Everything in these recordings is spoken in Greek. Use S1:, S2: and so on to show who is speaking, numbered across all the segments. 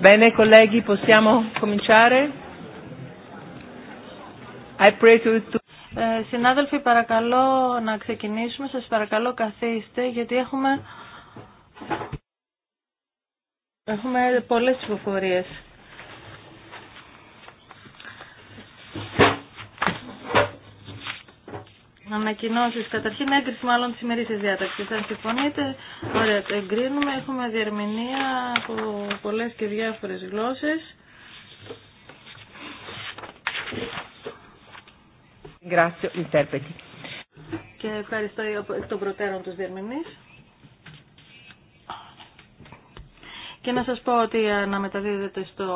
S1: Bene colleghi, possiamo cominciare? I
S2: ε, συνάδελφοι, παρακαλώ να ξεκινήσουμε. Σας παρακαλώ καθίστε, γιατί έχουμε, έχουμε πολλές υποφορίες. ανακοινώσεις. Καταρχήν έγκριση μάλλον της ημερήσιας διάταξη. Αν συμφωνείτε, ωραία, το εγκρίνουμε. Έχουμε διερμηνία από πολλέ και διάφορες γλώσσες. Και ευχαριστώ εκ των προτέρων του διερμηνείς. Και να σας πω ότι αναμεταδίδεται στο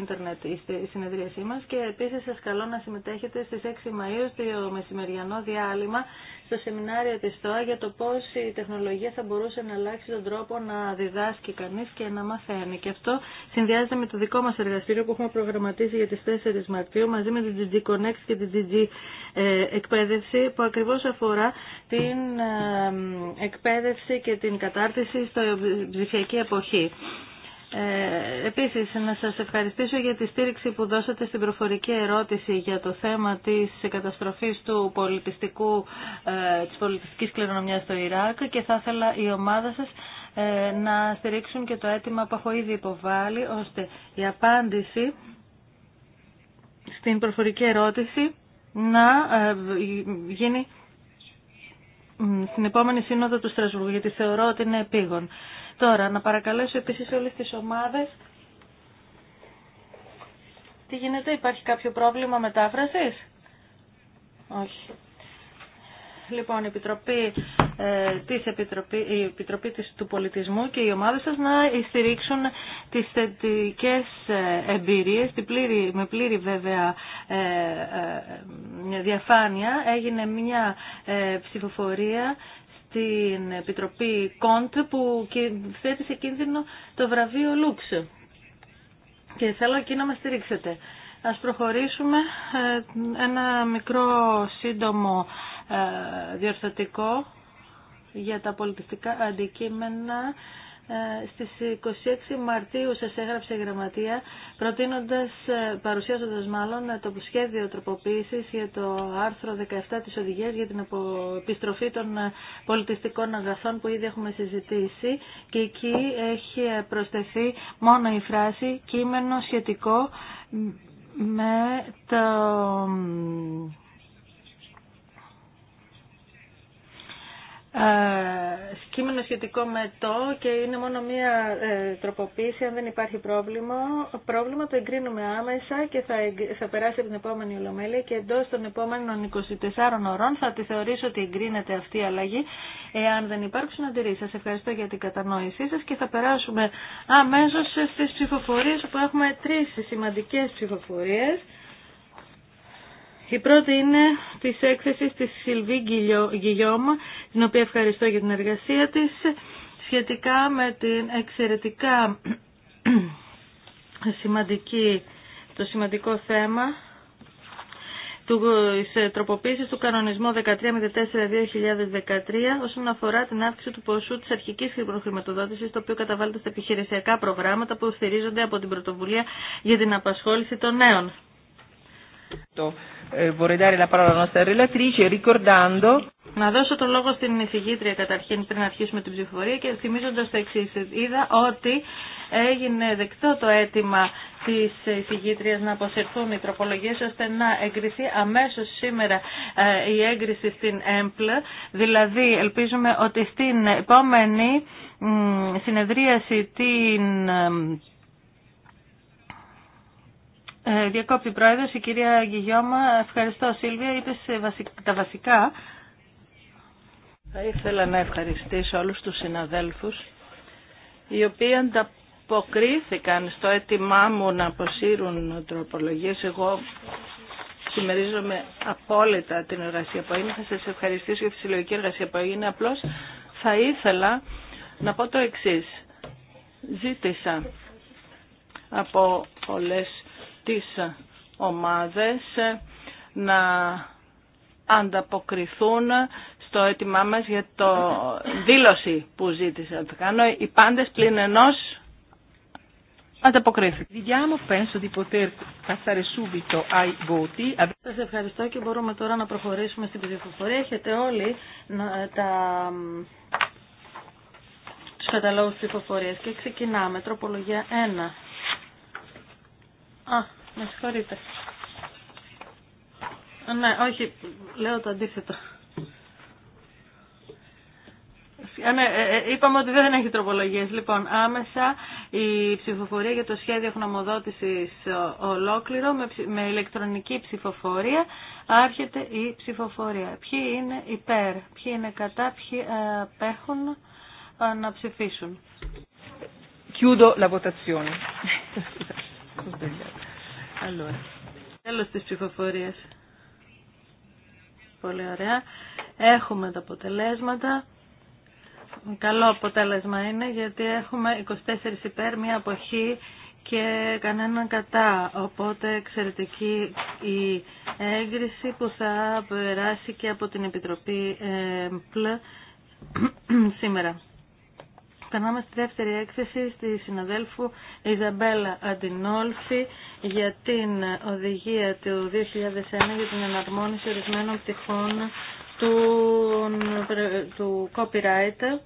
S2: ίντερνετ η συνεδρίασή μας και επίσης σας καλώ να συμμετέχετε στις 6 Μαΐου στο μεσημεριανό διάλειμμα στο σεμινάριο της ΤΟΑ για το πώς η τεχνολογία θα μπορούσε να αλλάξει τον τρόπο να διδάσκει κανείς και να μαθαίνει. Και αυτό συνδυάζεται με το δικό μας εργαστήριο που έχουμε προγραμματίσει για τις 4 Μαρτίου μαζί με την DG Connect και την DG ε, Εκπαίδευση που ακριβώς αφορά την ε, εκπαίδευση και την κατάρτιση στο ψηφιακή εποχή. Ε, επίσης, να σας ευχαριστήσω για τη στήριξη που δώσατε στην προφορική ερώτηση για το θέμα της καταστροφής του πολιτιστικού, ε, της πολιτιστικής κληρονομιάς στο Ιράκ και θα ήθελα η ομάδα σας ε, να στηρίξουν και το αίτημα που έχω ήδη υποβάλει, ώστε η απάντηση στην προφορική ερώτηση να ε, γίνει στην επόμενη σύνοδο του Στρασβούργου, γιατί θεωρώ ότι είναι επίγον. Τώρα, να παρακαλέσω επίσης όλες τις ομάδες. Τι γίνεται, υπάρχει κάποιο πρόβλημα μετάφρασης? Όχι. Λοιπόν, η Επιτροπή, ε, της Επιτροπή, του Πολιτισμού και οι ομάδες σας να στηρίξουν τις θετικές ε, εμπειρίες, με πλήρη βέβαια ε, διαφάνεια. Έγινε μια ψηφοφορία την Επιτροπή Κοντ που θέτει σε κίνδυνο το βραβείο Λούξ. Και θέλω εκεί να μας στηρίξετε. Ας προχωρήσουμε ε, ένα μικρό σύντομο ε, διορθωτικό για τα πολιτιστικά αντικείμενα ε, στις 26 Μαρτίου σας έγραψε η Γραμματεία προτείνοντας, ε, παρουσιάζοντας μάλλον ε, το σχέδιο τροποποίησης για το άρθρο 17 της Οδηγίας για την επιστροφή των πολιτιστικών αγαθών που ήδη έχουμε συζητήσει και εκεί έχει προσθεθεί μόνο η φράση κείμενο σχετικό με το κείμενο σχετικό με το και είναι μόνο μία ε, τροποποίηση. Αν δεν υπάρχει πρόβλημα, πρόβλημα το εγκρίνουμε άμεσα και θα, θα περάσει από την επόμενη ολομέλεια και εντό των επόμενων 24 ωρών θα τη θεωρήσω ότι εγκρίνεται αυτή η αλλαγή εάν δεν υπάρξουν αντιρρήσεις. Σας ευχαριστώ για την κατανόησή σας και θα περάσουμε αμέσως στις ψηφοφορίες όπου έχουμε τρεις σημαντικές ψηφοφορίες. Η πρώτη είναι της έκθεσης της Σιλβί Γκυγιώμα, την οποία ευχαριστώ για την εργασία της, σχετικά με την εξαιρετικά σημαντική, το σημαντικό θέμα του τροποποίησης του κανονισμού 1304-2013 όσον αφορά την αύξηση του ποσού της αρχικής χρηματοδότησης το οποίο καταβάλλεται στα επιχειρησιακά προγράμματα που στηρίζονται από την πρωτοβουλία για την απασχόληση των νέων.
S1: Eh,
S2: να δώσω το λόγο στην εισηγήτρια καταρχήν πριν αρχίσουμε την ψηφοφορία και θυμίζοντα το εξή. Είδα ότι έγινε δεκτό το αίτημα τη εισηγήτρια να αποσυρθούν οι τροπολογίε ώστε να εγκριθεί αμέσω σήμερα ε, η έγκριση στην ΕΜΠΛ. Δηλαδή, ελπίζουμε ότι στην επόμενη συνεδρίαση την ε, διακόπτη Πρόεδρος, η κυρία Γιγιώμα, ευχαριστώ Σίλβια, είπες ε, τα βασικά. Θα ήθελα να ευχαριστήσω όλους τους συναδέλφους, οι οποίοι ανταποκρίθηκαν στο αίτημά μου να αποσύρουν τροπολογίες. Εγώ συμμερίζομαι απόλυτα την εργασία που έγινε. Θα σας ευχαριστήσω για τη συλλογική εργασία που έγινε. Απλώς θα ήθελα να πω το εξής. Ζήτησα από πολλές τις ομάδες να ανταποκριθούν στο αίτημά μας για το
S1: δήλωση που ζήτησα να κάνω. Οι πάντες πλην ενός ανταποκρίθηκαν.
S2: Σας ευχαριστώ και μπορούμε τώρα να προχωρήσουμε στην ψηφοφορία. Έχετε όλοι τα τους καταλόγους ψηφοφορίας και ξεκινάμε. Τροπολογία 1. Με συγχωρείτε. Ναι, όχι, λέω το αντίθετο. Ναι, ε, ε, είπαμε ότι δεν έχει τροπολογίες. Λοιπόν, άμεσα η ψηφοφορία για το σχέδιο χνομοδότησης ε, ολόκληρο με, ηλεκτρονική ψηφοφορία άρχεται η ψηφοφορία. Ποιοι είναι υπέρ, ποιοι είναι κατά, ποιοι απέχουν να ψηφίσουν.
S1: Chiudo la
S2: Τέλο Τέλος της ψηφοφορίας. Πολύ ωραία. Έχουμε τα αποτελέσματα. Καλό αποτέλεσμα είναι γιατί έχουμε 24 υπέρ, μία αποχή και κανέναν κατά. Οπότε εξαιρετική η έγκριση που θα περάσει και από την Επιτροπή ΕΜΠΛ σήμερα. Περνάμε στη δεύτερη έκθεση στη συναδέλφου Ιζαμπέλα Αντινόλφη για την οδηγία του 2001 για την εναρμόνιση ορισμένων πτυχών του, του copyright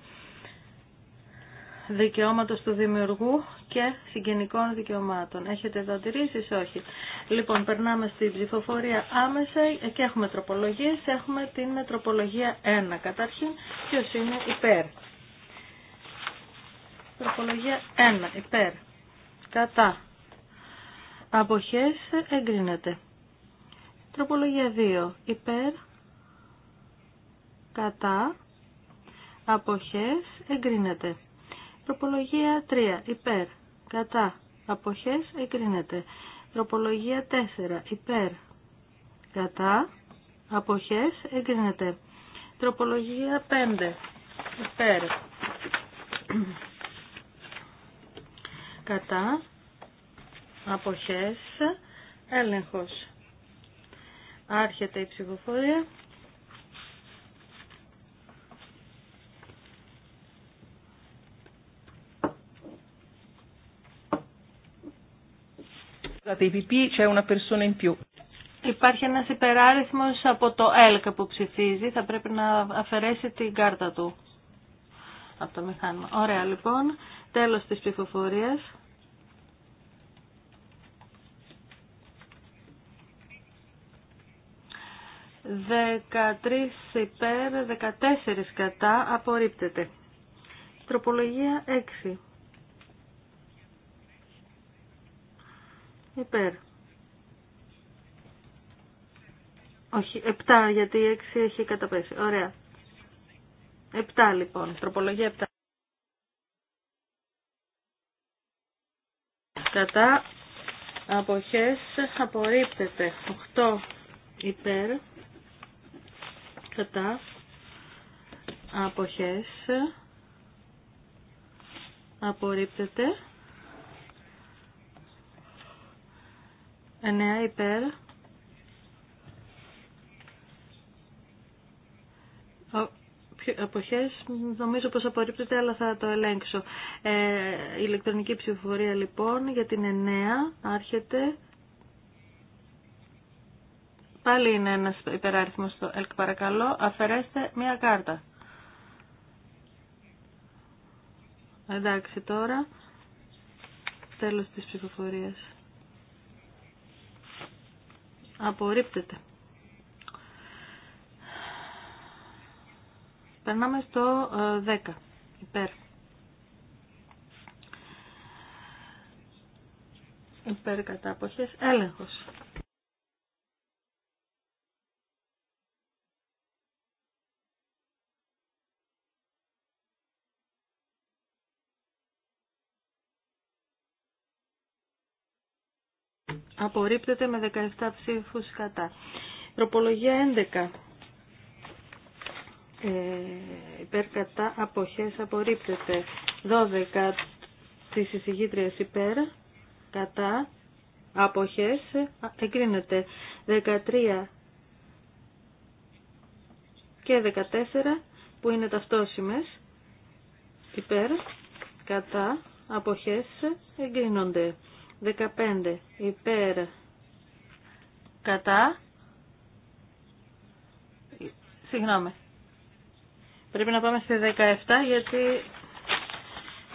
S2: δικαιώματος του δημιουργού και συγγενικών δικαιωμάτων. Έχετε εδώ αντιρρήσεις, όχι. Λοιπόν, περνάμε στη ψηφοφορία άμεσα και έχουμε τροπολογίες. Έχουμε την τροπολογία 1. Καταρχήν, ποιος είναι υπέρ. Τροπολογία 1. Υπέρ. Κατά. Αποχές εγκρίνεται. Τροπολογία 2. Υπέρ. Κατά. Αποχές εγκρίνεται. Τροπολογία 3. Υπέρ. Κατά. Αποχές εγκρίνεται. Τροπολογία 4. Υπέρ. Κατά. Αποχές εγκρίνεται. Τροπολογία 5. Υπέρ κατά, αποχές, έλεγχος. Άρχεται η ψηφοφορία. Υπάρχει ένας υπεράριθμος από το ΕΛΚ που ψηφίζει. Θα πρέπει να αφαιρέσει την κάρτα του από το μηχάνημα. Ωραία λοιπόν. Τέλος της ψηφοφορίας. 13 υπέρ, 14 κατά, απορρίπτεται. Τροπολογία 6. Υπέρ. Όχι, 7, γιατί η 6 έχει καταπέσει. Ωραία. 7 λοιπόν, τροπολογία 7. Κατά αποχές απορρίπτεται. 8 υπέρ κατά αποχές απορρίπτεται 9 υπέρ αποχές νομίζω πως απορρίπτεται αλλά θα το ελέγξω ε, ηλεκτρονική ψηφοφορία λοιπόν για την 9 άρχεται Πάλι είναι ένας υπεράριθμος στο ΕΛΚ παρακαλώ. Αφαιρέστε μία κάρτα. Εντάξει τώρα. Τέλος της ψηφοφορίας. Απορρίπτεται. Περνάμε στο 10. Ε, Υπέρ. Υπέρ κατά Έλεγχος. Απορρίπτεται με 17 ψήφους κατά. Τροπολογία 11. Ε, υπέρ κατά αποχές απορρίπτεται 12 της εισηγήτριας υπέρ κατά αποχές εγκρίνεται 13 και 14 που είναι ταυτόσιμες υπέρ κατά αποχές εγκρίνονται 15 υπέρ κατά συγγνώμη πρέπει να πάμε στη 17 γιατί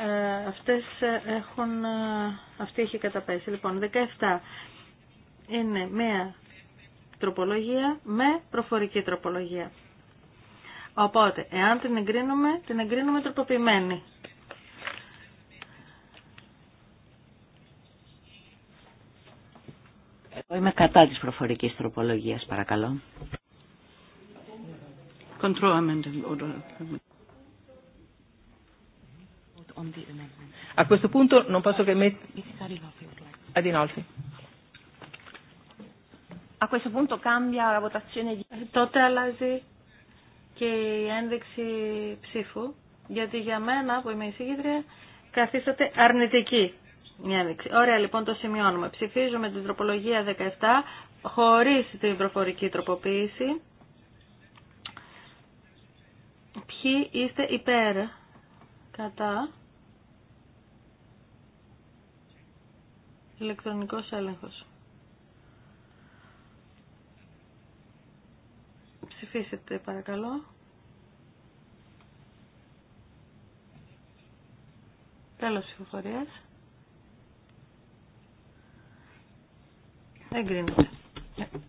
S2: ε, αυτές έχουν ε, αυτή έχει καταπέσει λοιπόν 17 είναι μια τροπολογία με προφορική τροπολογία οπότε εάν την εγκρίνουμε την εγκρίνουμε τροποποιημένη
S3: Είμαι κατά της προφορικής τροπολογίας, παρακαλώ.
S2: Control A questo Τότε αλλάζει και η ένδειξη ψήφου, γιατί για μένα που είμαι εισηγήτρια καθίσταται αρνητική. Μια ένδειξη. Ωραία, λοιπόν, το σημειώνουμε. Ψηφίζουμε την τροπολογία 17 χωρίς την προφορική τροποποίηση. Ποιοι είστε υπέρ, κατά, ηλεκτρονικός έλεγχος. Ψηφίσετε παρακαλώ. Τέλος ψηφοφορίας.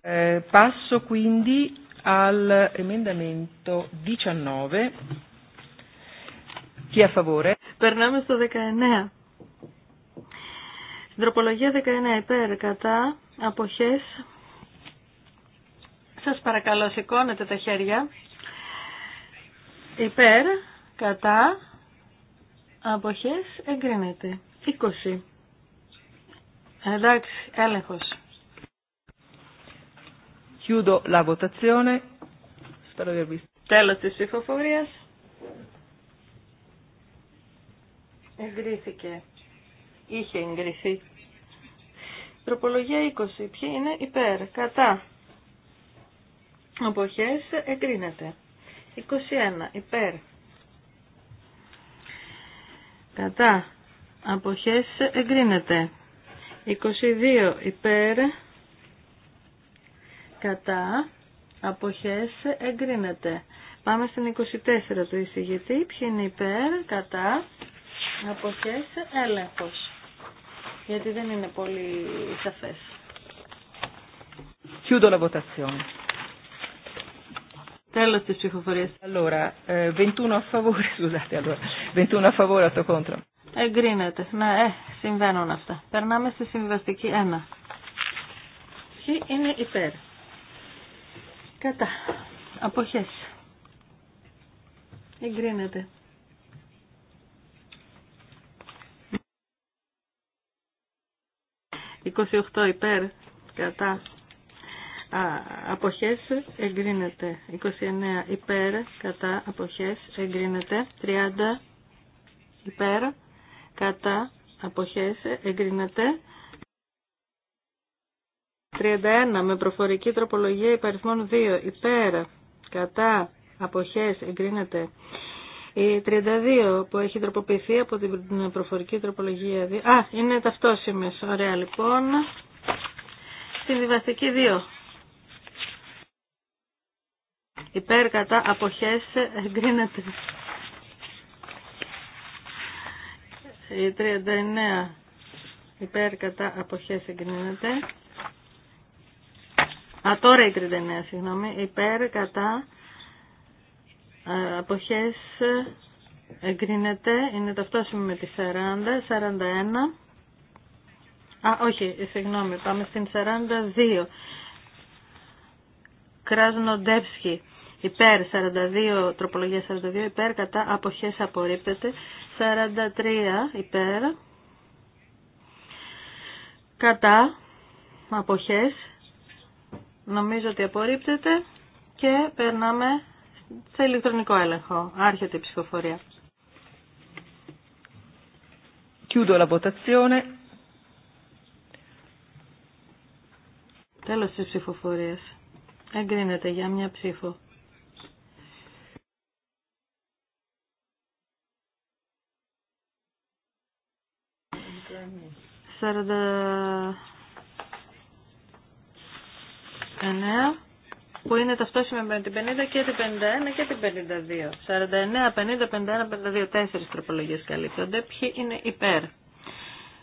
S1: Ε, passo quindi 19. Chi è
S2: Περνάμε στο 19. Στην τροπολογία 19 υπέρ κατά αποχές. Σας παρακαλώ σηκώνετε τα χέρια. Υπέρ κατά αποχές εγκρίνεται. 20. Εντάξει, έλεγχος. Chiudo la votazione. Spero di Τέλος της Εγκρίθηκε. Είχε εγκριθεί. Τροπολογία 20. Ποιοι είναι υπέρ, κατά. Αποχές εγκρίνεται. 21. Υπέρ. Κατά. Αποχές εγκρίνεται. 22. Υπέρ κατά, αποχές, εγκρίνεται. Πάμε στην 24 του εισηγητή. Ποιοι είναι υπέρ, κατά, αποχές, έλεγχος. Γιατί δεν είναι πολύ σαφές.
S1: Chiudo la votazione. Τέλος της ψηφοφορίας. Allora, 21 eh, a favore, scusate, allora, 21 a favore, 8 contro.
S2: Εγκρίνεται. Ναι, ε, συμβαίνουν αυτά. Περνάμε στη συμβιβαστική 1. Ποιοι είναι υπέρ. Κατά. Αποχές. Εγκρίνεται. 28 υπέρ. Κατά. Α, αποχές εγκρίνεται. 29 υπέρ. Κατά. Αποχές εγκρίνεται. 30 υπέρ. Κατά. Αποχές εγκρίνεται. 31 με προφορική τροπολογία υπαριθμών 2 υπέρ κατά αποχές εγκρίνεται. Η 32 που έχει τροποποιηθεί από την προφορική τροπολογία. 2. Α, είναι ταυτόσημες. Ωραία λοιπόν. Συμβιβαστική 2. Υπέρ κατά αποχές εγκρίνεται. Η 39 υπέρ κατά αποχές εγκρίνεται. Α, τώρα η 39, συγγνώμη. Υπέρ, κατά, ε, αποχές ε, εγκρίνεται. Είναι ταυτόσιμο με τη 40, 41. Α, όχι, συγγνώμη, πάμε στην 42. Κράσνοντεύσκη. Υπέρ 42, τροπολογία 42, υπέρ κατά αποχές απορρίπτεται. 43 υπέρ κατά αποχές Νομίζω ότι απορρίπτεται και περνάμε σε ηλεκτρονικό έλεγχο. Άρχεται η ψηφοφορία. Chiudo la votazione. Τέλος της ψηφοφορίας. Εγκρίνεται για μια ψήφο. Σαραντα που είναι ταυτόσιμα με την 50 και την 51 και την 52. 49, 50, 51, 52. 4 τροπολογίες καλύπτονται. Ποιοι είναι υπέρ.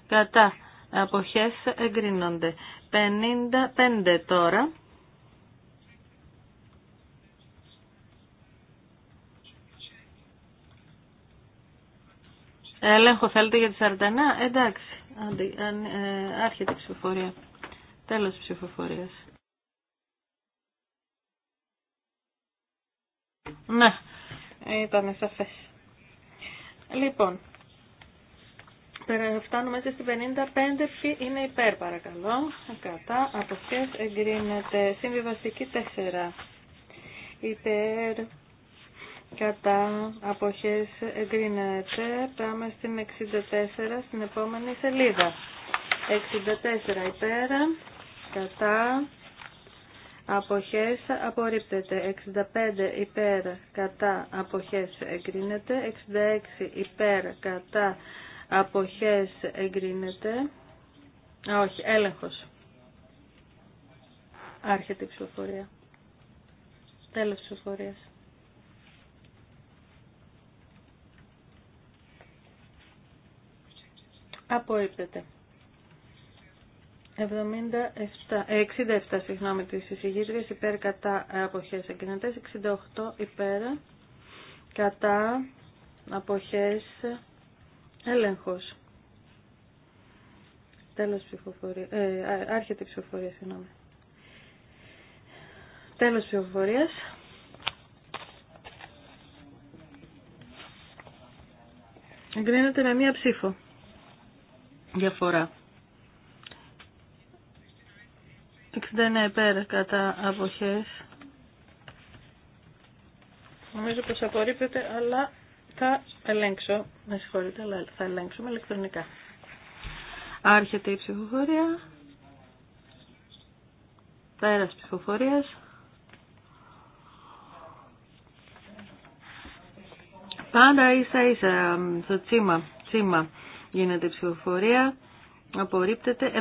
S2: Κατά. Αποχές εγκρίνονται. 55 τώρα. Έλεγχο θέλετε για τη 49. Εντάξει. Ε, άρχεται η ψηφοφορία. Τέλος ψηφοφορίας. Ναι, ήταν σαφέ. Λοιπόν, φτάνουμε έτσι στην 55, ποιοι είναι υπέρ παρακαλώ, κατά, από εγκρίνεται, συμβιβαστική 4, υπέρ, κατά, αποχές εγκρίνεται, πάμε στην 64, στην επόμενη σελίδα, 64 υπέρ, κατά, Αποχές απορρίπτεται 65 υπέρ κατά αποχές εγκρίνεται 66 υπέρ κατά αποχές εγκρίνεται όχι, έλεγχος Άρχεται η ψηφοφορία Τέλος ψηφοφορίας Απορρίπτεται 67, συγγνώμη της εισηγήτριας υπέρ κατά αποχές εγκρίνεται, 68 υπέρ κατά αποχές έλεγχος. Τέλος ψηφοφορία, ε, άρχεται η ψηφοφορία, συγγνώμη. Τέλος ψηφοφορίας. Εγκρίνεται με μία ψήφο διαφορά. 69 πέρα κατά αποχές. Νομίζω πως απορρίπτεται, αλλά θα ελέγξω. Με συγχωρείτε, αλλά θα ελέγξουμε ηλεκτρονικά. Άρχεται η ψηφοφορία. Πέρας ψηφοφορίας. Πάντα ίσα ίσα στο τσίμα, τσίμα γίνεται η ψηφοφορία απορρίπτεται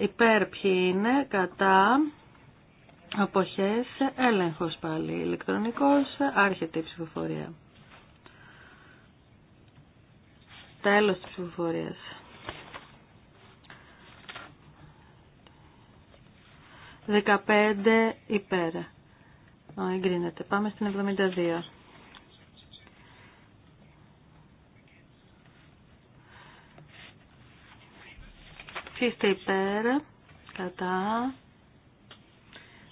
S2: 70 υπέρ ποιοι είναι κατά αποχές έλεγχος πάλι ηλεκτρονικός άρχεται η ψηφοφορία τέλος της ψηφοφορίας 15 υπέρ. Εγκρίνεται. Πάμε στην 72. είστε είστε υπέρ, κατά,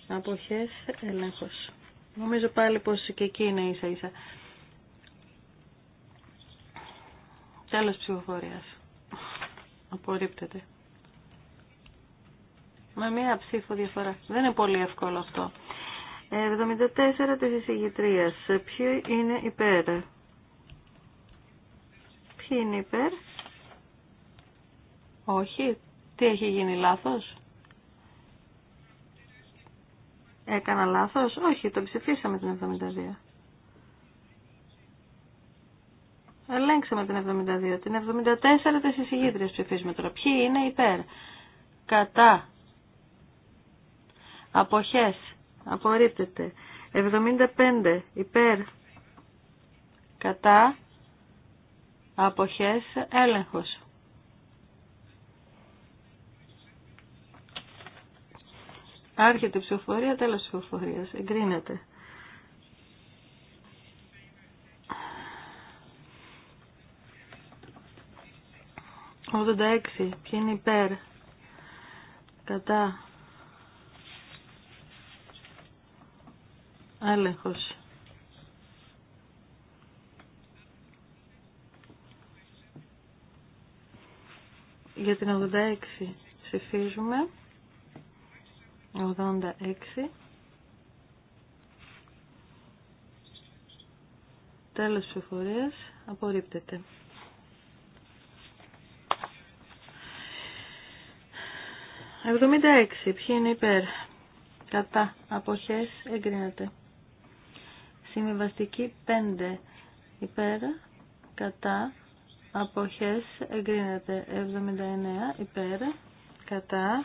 S2: αποχές, έλεγχος. Νομίζω πάλι πως και εκεί είναι ίσα ίσα. Τέλος ψηφοφορίας. Απορρίπτεται. Με μία ψήφο διαφορά. Δεν είναι πολύ εύκολο αυτό. 74 της εισηγητρίας. Ποιοι είναι υπέρ. Ποιοι είναι υπέρ. Όχι. Τι έχει γίνει λάθος. Έκανα λάθος. Όχι, το ψηφίσαμε την 72. Ελέγξαμε την 72. Την 74 τις εισηγήτριες ψηφίσουμε τώρα. Ποιοι είναι υπέρ. Κατά. Αποχές. Απορρίπτεται. 75 υπέρ. Κατά. Αποχές. Έλεγχος. Άρχεται η ψηφοφορία, τέλος ψηφοφορίας. Εγκρίνεται. 86. Ποιοι είναι υπέρ. Κατά. Έλεγχος. Για την 86 ψηφίζουμε. 86 τέλος ψηφορίας απορρίπτεται. Εβδομήντα Ποιοι είναι υπέρ. Κατά. Αποχές εγκρίνεται. Συμβιβαστική 5. Υπέρ. Κατά. Αποχές εγκρίνεται. 79. Υπέρ. Κατά.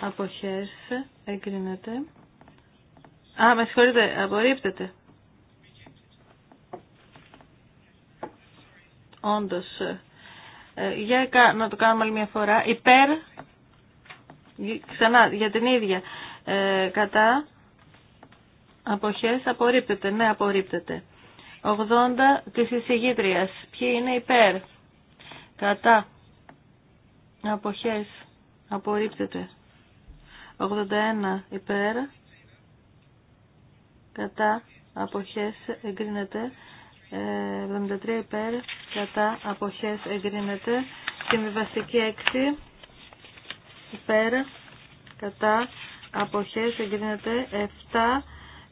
S2: Αποχές. Εγκρίνεται. Α, με συγχωρείτε. Απορρίπτεται. Όντως. Ε, για να το κάνουμε άλλη μια φορά. Υπέρ. Ξανά, για την ίδια. Ε, κατά. Αποχές. Απορρίπτεται. Ναι, απορρίπτεται. 80 της εισηγήτριας. Ποιοι είναι υπέρ. Κατά. Αποχές. Απορρίπτεται. 81 υπέρ κατά αποχές εγκρίνεται 73 ε, υπέρ κατά αποχές εγκρίνεται συμβιβαστική 6 υπέρ κατά αποχές εγκρίνεται 7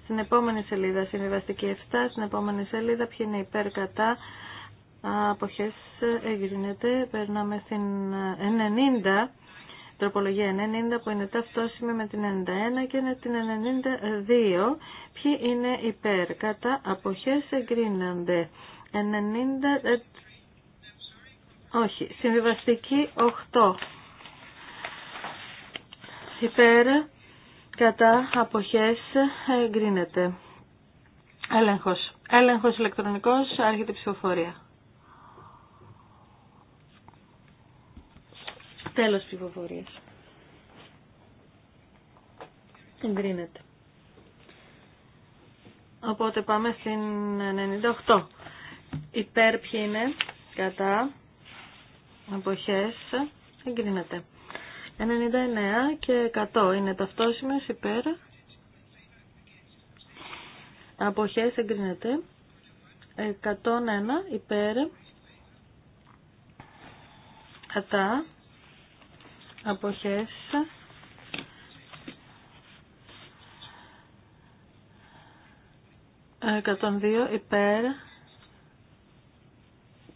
S2: στην επόμενη σελίδα συμβιβαστική 7 στην επόμενη σελίδα ποιοι είναι υπέρ κατά αποχές εγκρίνεται περνάμε στην 90 Τροπολογία 90 που είναι ταυτόσιμη με την 91 και με την 92. Ποιοι είναι υπέρ. Κατά αποχές εγκρίνονται. 90... Ε, όχι. Συμβιβαστική 8. Υπέρ. Κατά αποχές εγκρίνεται. Έλεγχος. Έλεγχος ηλεκτρονικός. Άρχεται ψηφοφορία. Τέλος ψηφοφορίας. Εγκρίνεται. Οπότε πάμε στην 98. Υπέρ ποιοι είναι, κατά, αποχές, εγκρίνεται. 99 και 100 είναι ταυτόσιμες υπέρ, αποχές εγκρίνεται. 101 υπέρ, κατά, αποχές 102 υπέρ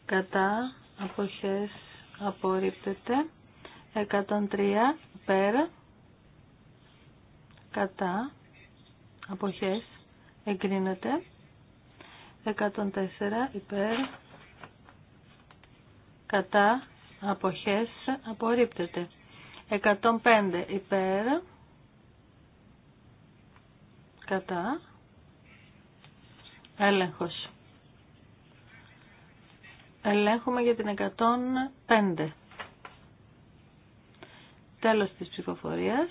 S2: κατά αποχές απορρίπτεται 103 υπέρ κατά αποχές εγκρίνεται 104 υπέρ κατά αποχές απορρίπτεται 105 υπέρ, κατά, έλεγχος. Ελέγχουμε για την 105. Τέλος της ψηφοφορίας.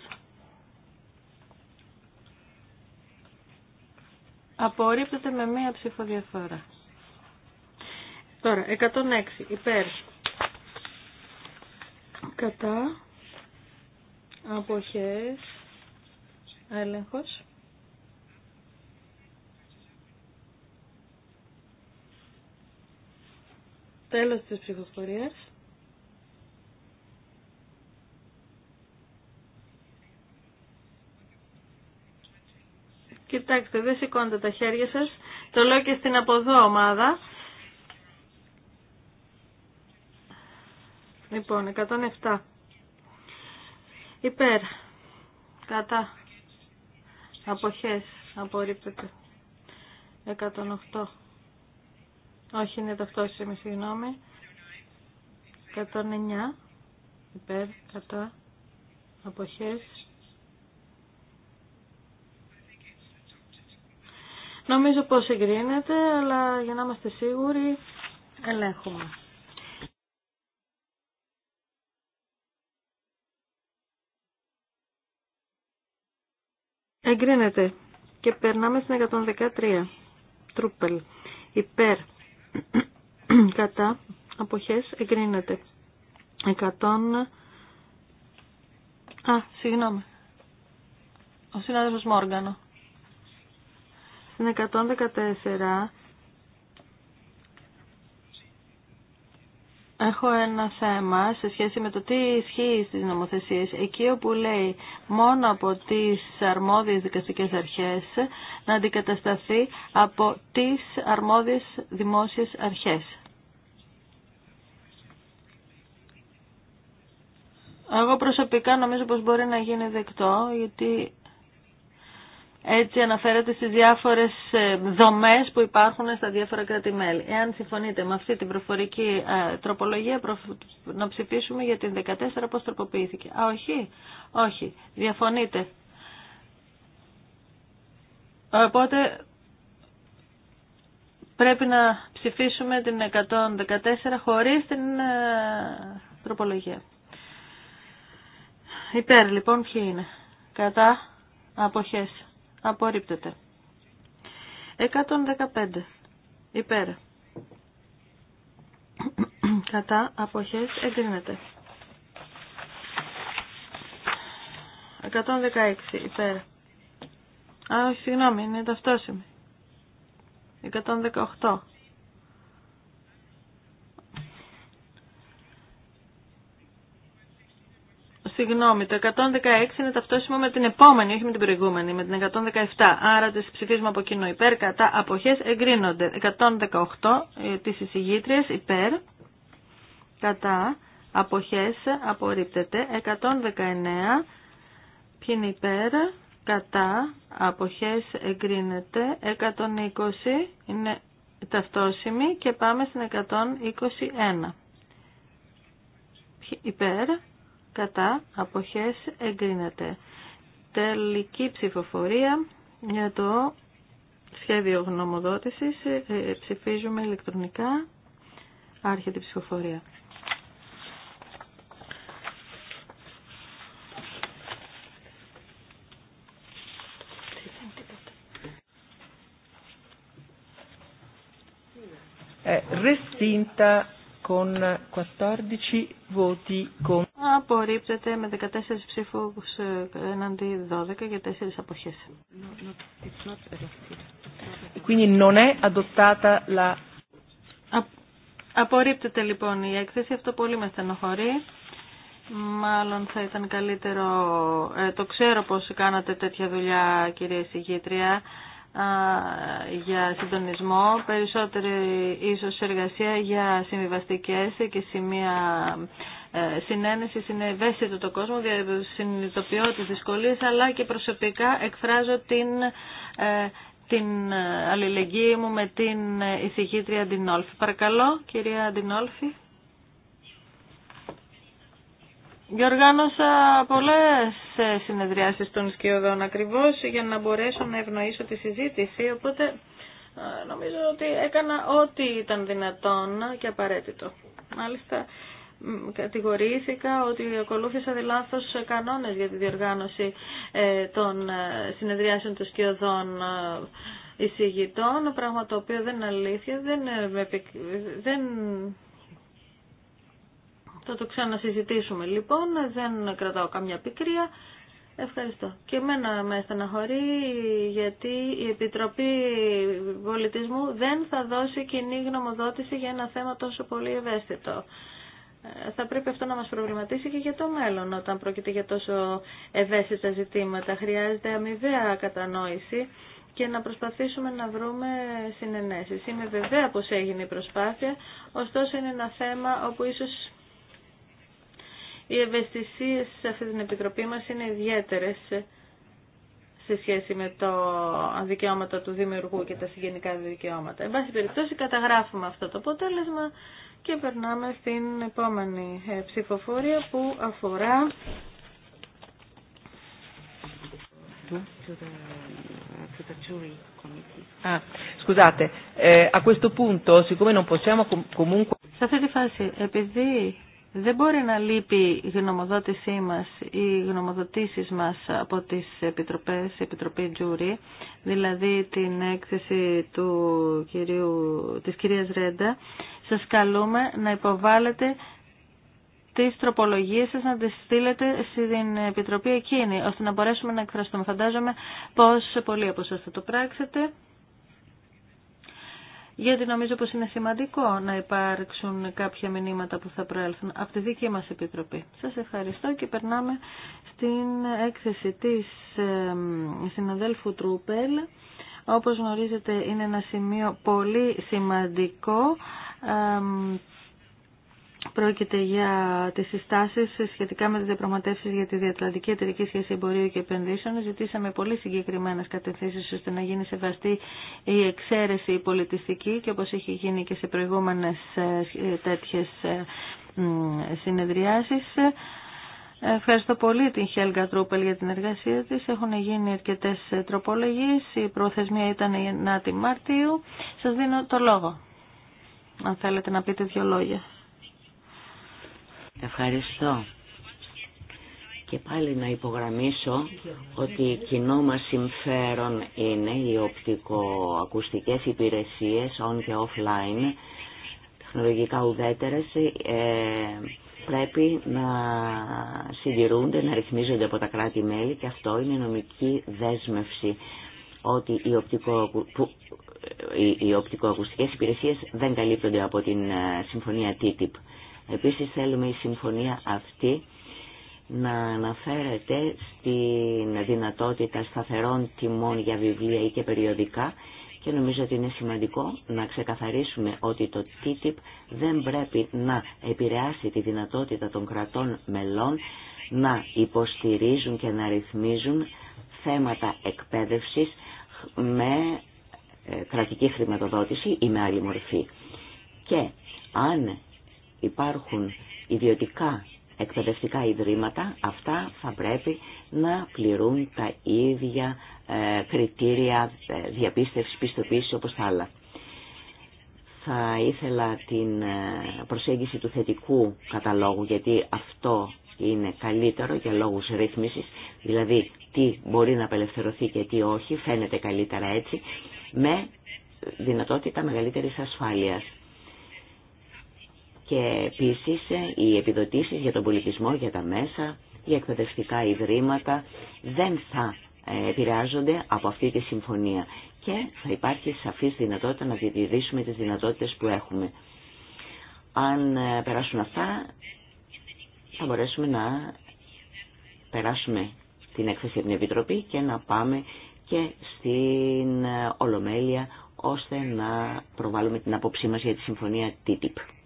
S2: Απορρίπτεται με μία ψηφοδιαφορά. Τώρα, 106 υπέρ. Κατά αποχές έλεγχος τέλος της ψηφοφορίας Κοιτάξτε, δεν σηκώνετε τα χέρια σας. Το λέω και στην από εδώ ομάδα. Λοιπόν, 107 υπέρ, κατά, αποχές, απορρίπτεται, 108, όχι είναι ταυτόσιμη, συγγνώμη, 109, υπέρ, κατά, αποχές, Νομίζω πως εγκρίνεται, αλλά για να είμαστε σίγουροι, ελέγχουμε. Εγκρίνεται. Και περνάμε στην 113. Τρούπελ. Υπέρ. Κατά. Αποχές. Εγκρίνεται. 100. Α, συγγνώμη. Ο συνάδελφος Μόργανο. Στην 114 Έχω ένα θέμα σε σχέση με το τι ισχύει στις νομοθεσίες. Εκεί όπου λέει μόνο από τις αρμόδιες δικαστικές αρχές να αντικατασταθεί από τις αρμόδιες δημόσιες αρχές. Εγώ προσωπικά νομίζω πως μπορεί να γίνει δεκτό, γιατί έτσι αναφέρεται στις διάφορες ε, δομές που υπάρχουν στα διάφορα κράτη-μέλη. Εάν συμφωνείτε με αυτή την προφορική ε, τροπολογία, να ψηφίσουμε για την 14 πώς τροποποιήθηκε. Α, όχι, όχι, διαφωνείτε. Οπότε πρέπει να ψηφίσουμε την 114 χωρίς την ε, τροπολογία. Υπέρ λοιπόν ποιοι είναι. Κατά αποχές. Απορρίπτεται. 115. Υπέρ. Κατά αποχές εγκρίνεται. 116. Υπέρ. Α, συγγνώμη, είναι ταυτόσιμη. 118. Συγγνώμη, το 116 είναι ταυτόσιμο με την επόμενη, όχι με την προηγούμενη, με την 117. Άρα τις ψηφίζουμε από κοινό υπέρ, κατά, αποχές, εγκρίνονται. 118 ε, τις εισηγήτριες υπέρ, κατά, αποχές, απορρίπτεται. 119 ποιοι είναι υπέρ, κατά, αποχές, εγκρίνεται. 120 είναι ταυτόσιμη και πάμε στην 121. Υπέρ, κατά αποχές εγκρίνεται. Τελική ψηφοφορία για το σχέδιο γνωμοδότησης ε, ε, ψηφίζουμε ηλεκτρονικά. Άρχεται η ψηφοφορία.
S1: Ρεστίντα con 14 voti
S2: Απορρίπτεται με 14 ψήφους ε, έναντι 12 για 4 αποχές. Quindi non è adottata la... Απορρίπτεται λοιπόν η έκθεση, αυτό πολύ με στενοχωρεί. Μάλλον θα ήταν καλύτερο, ε, το ξέρω πως κάνατε τέτοια δουλειά κυρία Συγγήτρια, για συντονισμό, περισσότερη ίσως εργασία για συμβιβαστικές και σημεία ε, συνένεση είναι ευαίσθητο το κόσμο, συνειδητοποιώ τις δυσκολίες, αλλά και προσωπικά εκφράζω την, ε, την αλληλεγγύη μου με την ε, ηθικήτρια Αντινόλφη. Παρακαλώ, κυρία Αντινόλφη. Διοργάνωσα πολλές ε, συνεδριάσεις των σκιωδών ακριβώς για να μπορέσω να ευνοήσω τη συζήτηση, οπότε ε, νομίζω ότι έκανα ό,τι ήταν δυνατόν και απαραίτητο. Μάλιστα κατηγορήθηκα ότι ακολούθησα λάθο κανόνες για τη διοργάνωση ε, των συνεδριάσεων των σκιωδών εισηγητών, πράγμα το οποίο δεν είναι αλήθεια, δεν, δεν θα το ξανασυζητήσουμε λοιπόν, δεν κρατάω καμιά πικρία. Ευχαριστώ. Και εμένα με στεναχωρεί γιατί η Επιτροπή Πολιτισμού δεν θα δώσει κοινή γνωμοδότηση για ένα θέμα τόσο πολύ ευαίσθητο. Ε, θα πρέπει αυτό να μας προβληματίσει και για το μέλλον όταν πρόκειται για τόσο ευαίσθητα ζητήματα. Χρειάζεται αμοιβαία κατανόηση και να προσπαθήσουμε να βρούμε συνενέσεις. Είμαι βεβαία πως έγινε η προσπάθεια, ωστόσο είναι ένα θέμα όπου ίσως οι ευαισθησίες σε αυτή την Επιτροπή μα είναι ιδιαίτερε σε σχέση με το δικαιώματα του δημιουργού και τα συγγενικά δικαιώματα. Εν πάση περιπτώσει καταγράφουμε αυτό το αποτέλεσμα και περνάμε στην επόμενη ε, ψηφοφορία που αφορά Σε αυτή τη φάση, επειδή δεν μπορεί να λείπει η γνωμοδότησή μας ή οι γνωμοδοτήσεις μας από τις επιτροπές, η Επιτροπή Τζούρι, δηλαδή της κυρίας Ρέντα. Σας καλούμε να υποβάλλετε τις τροπολογίες σας να τις στείλετε στην Επιτροπή εκείνη, ώστε να μπορέσουμε να εκφραστούμε. Φαντάζομαι πως πολλοί από εσάς θα το πράξετε γιατί νομίζω πως είναι σημαντικό να υπάρξουν κάποια μηνύματα που θα προέλθουν από τη δική μας Επιτροπή. Σας ευχαριστώ και περνάμε στην έκθεση της συναδέλφου Τρούπελ. Όπως γνωρίζετε είναι ένα σημείο πολύ σημαντικό Πρόκειται για τι συστάσει σχετικά με τι διαπραγματεύσει για τη διατλαντική εταιρική σχέση εμπορίου και επενδύσεων. Ζητήσαμε πολύ συγκεκριμένε κατευθύνσει ώστε να γίνει σεβαστή η εξαίρεση πολιτιστική και όπω έχει γίνει και σε προηγούμενε ε, τέτοιε ε, συνεδριάσει. Ευχαριστώ πολύ την Χέλγα Τρούπελ για την εργασία της. Έχουν γίνει αρκετές τροπολογίες. Η προθεσμία ήταν η 9η Μαρτίου. Σας δίνω το λόγο, αν θέλετε να πείτε δύο λόγια.
S3: Ευχαριστώ. Και πάλι να υπογραμμίσω ότι κοινό μας συμφέρον είναι οι οπτικοακουστικές υπηρεσίες on και offline, τεχνολογικά ουδέτερες, ε, πρέπει να συντηρούνται, να ρυθμίζονται από τα κράτη-μέλη και αυτό είναι νομική δέσμευση ότι οι, οπτικο, ε, οι οπτικοακουστικές υπηρεσίες δεν καλύπτονται από την ε, συμφωνία TTIP. Επίσης θέλουμε η συμφωνία αυτή να αναφέρεται στην δυνατότητα σταθερών τιμών για βιβλία ή και περιοδικά και νομίζω ότι είναι σημαντικό να ξεκαθαρίσουμε ότι το TTIP δεν πρέπει να επηρεάσει τη δυνατότητα των κρατών μελών να υποστηρίζουν και να ρυθμίζουν θέματα εκπαίδευσης με ε, κρατική χρηματοδότηση ή με άλλη μορφή. Και αν υπάρχουν ιδιωτικά εκπαιδευτικά ιδρύματα, αυτά θα πρέπει να πληρούν τα ίδια ε, κριτήρια ε, διαπίστευσης, πιστοποίησης όπως τα άλλα. Θα ήθελα την ε, προσέγγιση του θετικού καταλόγου, γιατί αυτό είναι καλύτερο για λόγους ρύθμισης, δηλαδή τι μπορεί να απελευθερωθεί και τι όχι, φαίνεται καλύτερα έτσι, με δυνατότητα μεγαλύτερης ασφάλειας και επίση ε, οι επιδοτήσεις για τον πολιτισμό, για τα μέσα, για εκπαιδευτικά ιδρύματα δεν θα ε, επηρεάζονται από αυτή τη συμφωνία και θα υπάρχει σαφής δυνατότητα να διατηρήσουμε τις δυνατότητες που έχουμε. Αν ε, περάσουν αυτά θα μπορέσουμε να περάσουμε την έκθεση από την Επιτροπή και να πάμε και στην Ολομέλεια ώστε να προβάλλουμε την απόψή μας για τη συμφωνία TTIP.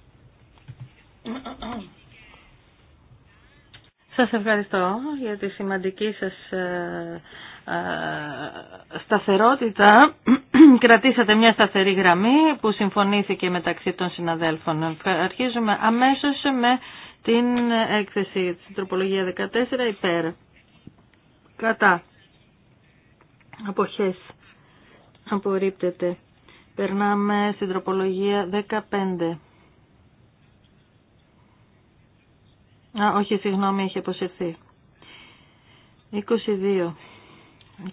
S2: Σας ευχαριστώ για τη σημαντική σας ε, ε, σταθερότητα. Κρατήσατε μια σταθερή γραμμή που συμφωνήθηκε μεταξύ των συναδέλφων. Αρχίζουμε αμέσως με την έκθεση της τροπολογία 14 υπέρ. Κατά. Αποχές. Απορρίπτεται. Περνάμε στην τροπολογία 15. Α, όχι, συγγνώμη, έχει αποσυρθεί. 22.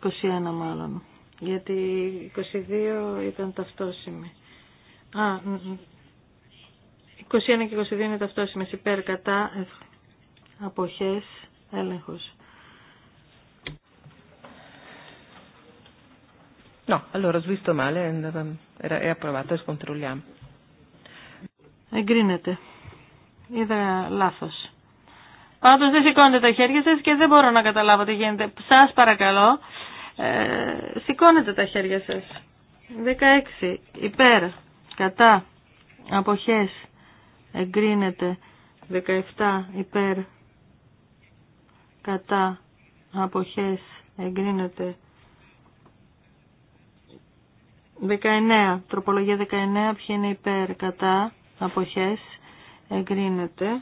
S2: 21 μάλλον. Γιατί 22 ήταν ταυτόσιμη. Α, 21 και 22 είναι ταυτόσιμες, υπέρ κατά αποχές έλεγχος.
S1: No, allora ho visto male, era, è scontrolliamo.
S2: Εγκρίνεται. Είδα λάθος. Πάντω δεν σηκώνετε τα χέρια σα και δεν μπορώ να καταλάβω τι γίνεται. Σα παρακαλώ, ε, σηκώνετε τα χέρια σα 16. Υπέρ. Κατά. απόχέ. Εγκρίνεται. 17. Υπέρ. Κατά. απόχέ. Εγκρίνεται. 19. Τροπολογία 19. Ποιοι είναι υπέρ. Κατά. Αποχές. Εγκρίνεται.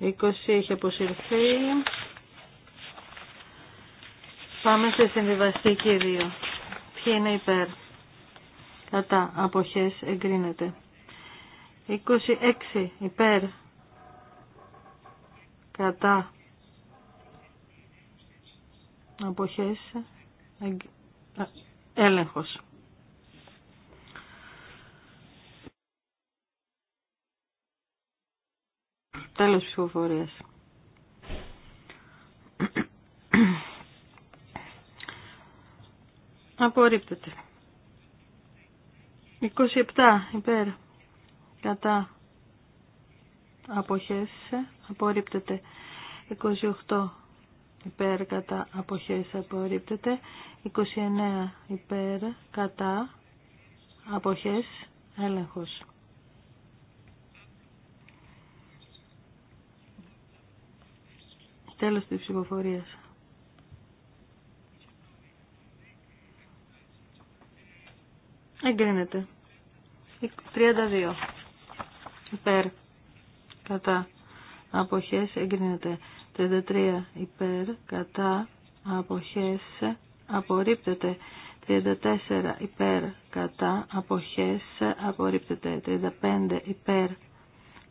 S2: 20 έχει αποσυρθεί. Πάμε σε συνδυαστική 2. Ποιοι είναι υπέρ. Κατά. Αποχές εγκρίνεται. 26 υπέρ. Κατά. Αποχές. Έλεγχος. Τέλος ψηφοφορίας. Απορρίπτεται. 27 ε, υπέρ. Κατά. Αποχές. Απορρίπτεται. 28 υπέρ. Κατά. Αποχές. Απορρίπτεται. 29 υπέρ. Κατά. Αποχές. Έλεγχος. Τέλος της ψηφοφορίας. Εγκρίνεται. 32. Υπέρ. Κατά. Αποχές εγκρίνεται. 33. Υπέρ. Κατά. Αποχές απορρίπτεται. 34. Υπέρ. Κατά. Αποχές απορρίπτεται. 35. Υπέρ.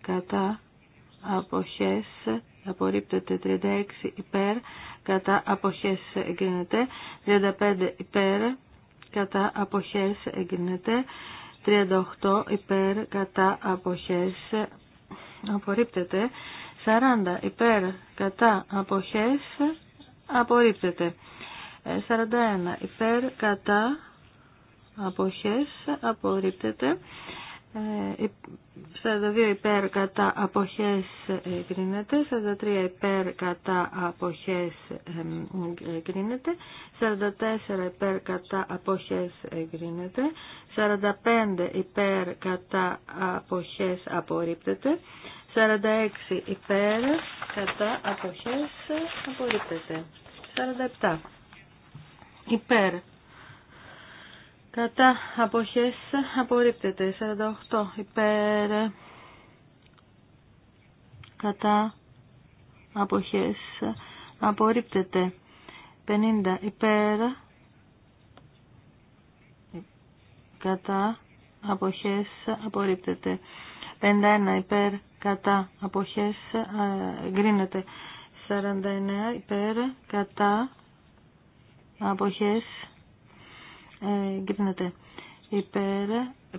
S2: Κατά. Αποχές απορρίπτεται 36 υπέρ κατά αποχές εγκρίνεται 35 υπέρ κατά αποχές εγκρίνεται 38 υπέρ κατά αποχές απορρίπτεται 40 υπέρ κατά αποχές απορρίπτεται 41 υπέρ κατά αποχές απορρίπτεται 42 ε, υπέρ κατά αποχές εγκρίνεται, 43 υπέρ κατά αποχές εγκρίνεται, 44 υπέρ κατά αποχές εγκρίνεται, 45 υπέρ κατά αποχές απορρίπτεται, 46 υπέρ κατά αποχές απορρίπτεται, 47 υπέρ Κατά αποχές απορρίπτεται. 48 υπέρ. Κατά αποχές απορρίπτεται. 50 υπέρ. Κατά αποχές απορρίπτεται. 51 υπέρ. Κατά αποχές γκρίνεται. 49 υπέρ. Κατά αποχές εγκρίνεται. Υπέρ,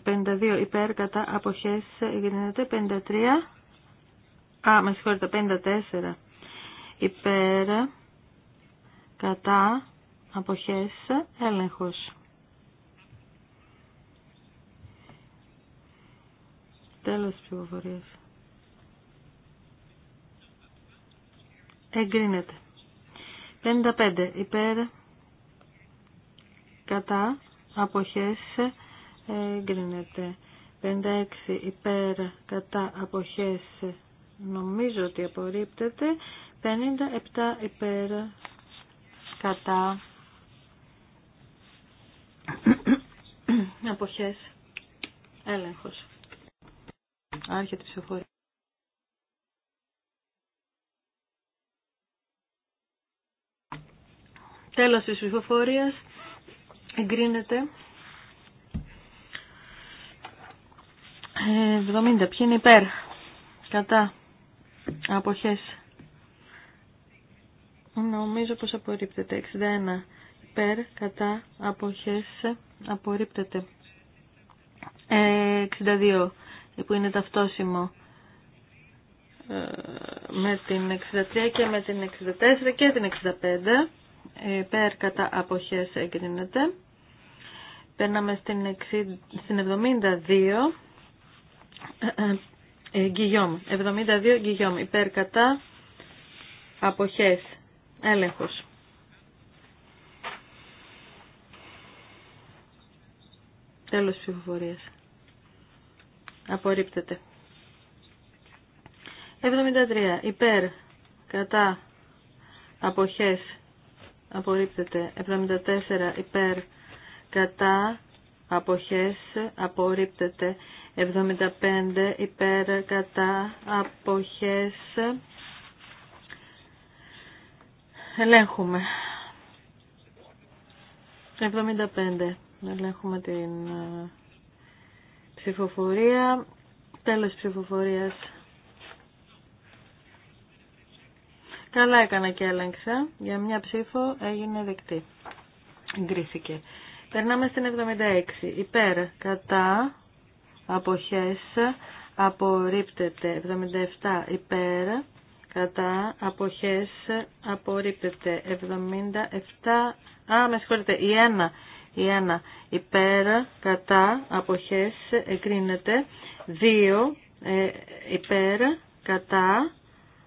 S2: 52 υπέρ κατά αποχές εγκρίνεται. 53, α, με συγχωρείτε, 54 υπέρ κατά αποχές έλεγχος. Τέλος της ψηφοφορίας. Εγκρίνεται. 55 υπέρ κατά αποχές εγκρίνεται. 56 υπέρ κατά αποχές νομίζω ότι απορρίπτεται. 57 υπέρ κατά αποχές έλεγχος. Άρχεται η ψηφοφορία. Τέλος της ψηφοφορίας εγκρίνεται 70 ποιοι είναι υπέρ κατά αποχές νομίζω πως απορρίπτεται 61 υπέρ κατά αποχές απορρίπτεται 62 ε, που είναι ταυτόσιμο ε, με την 63 και με την 64 και την 65 ΠΕΡ ε, κατά αποχές εγκρίνεται Περνάμε στην, στην 72. Ε, Γκυγιόμ. 72 Γκυγιόμ. Υπέρ κατά αποχές. Έλεγχος. Τέλος ψηφοφορίας. Απορρίπτεται. 73. Υπέρ. Κατά. Αποχές. Απορρίπτεται. 74. Υπέρ κατά αποχές απορρίπτεται 75 υπέρ κατά αποχές ελέγχουμε 75 ελέγχουμε την ε, ψηφοφορία τέλος ψηφοφορίας Καλά έκανα και έλεγξα. Για μια ψήφο έγινε δεκτή. Εγκρίθηκε. Περνάμε στην 76. Υπέρ, κατά, αποχές, απορρίπτεται. 77. Υπέρ, κατά, αποχές, απορρίπτεται. 77. Α, με συγχωρείτε, η 1. Η 1. Υπέρ, κατά, αποχές, εγκρίνεται. 2. Ε, υπέρ, κατά,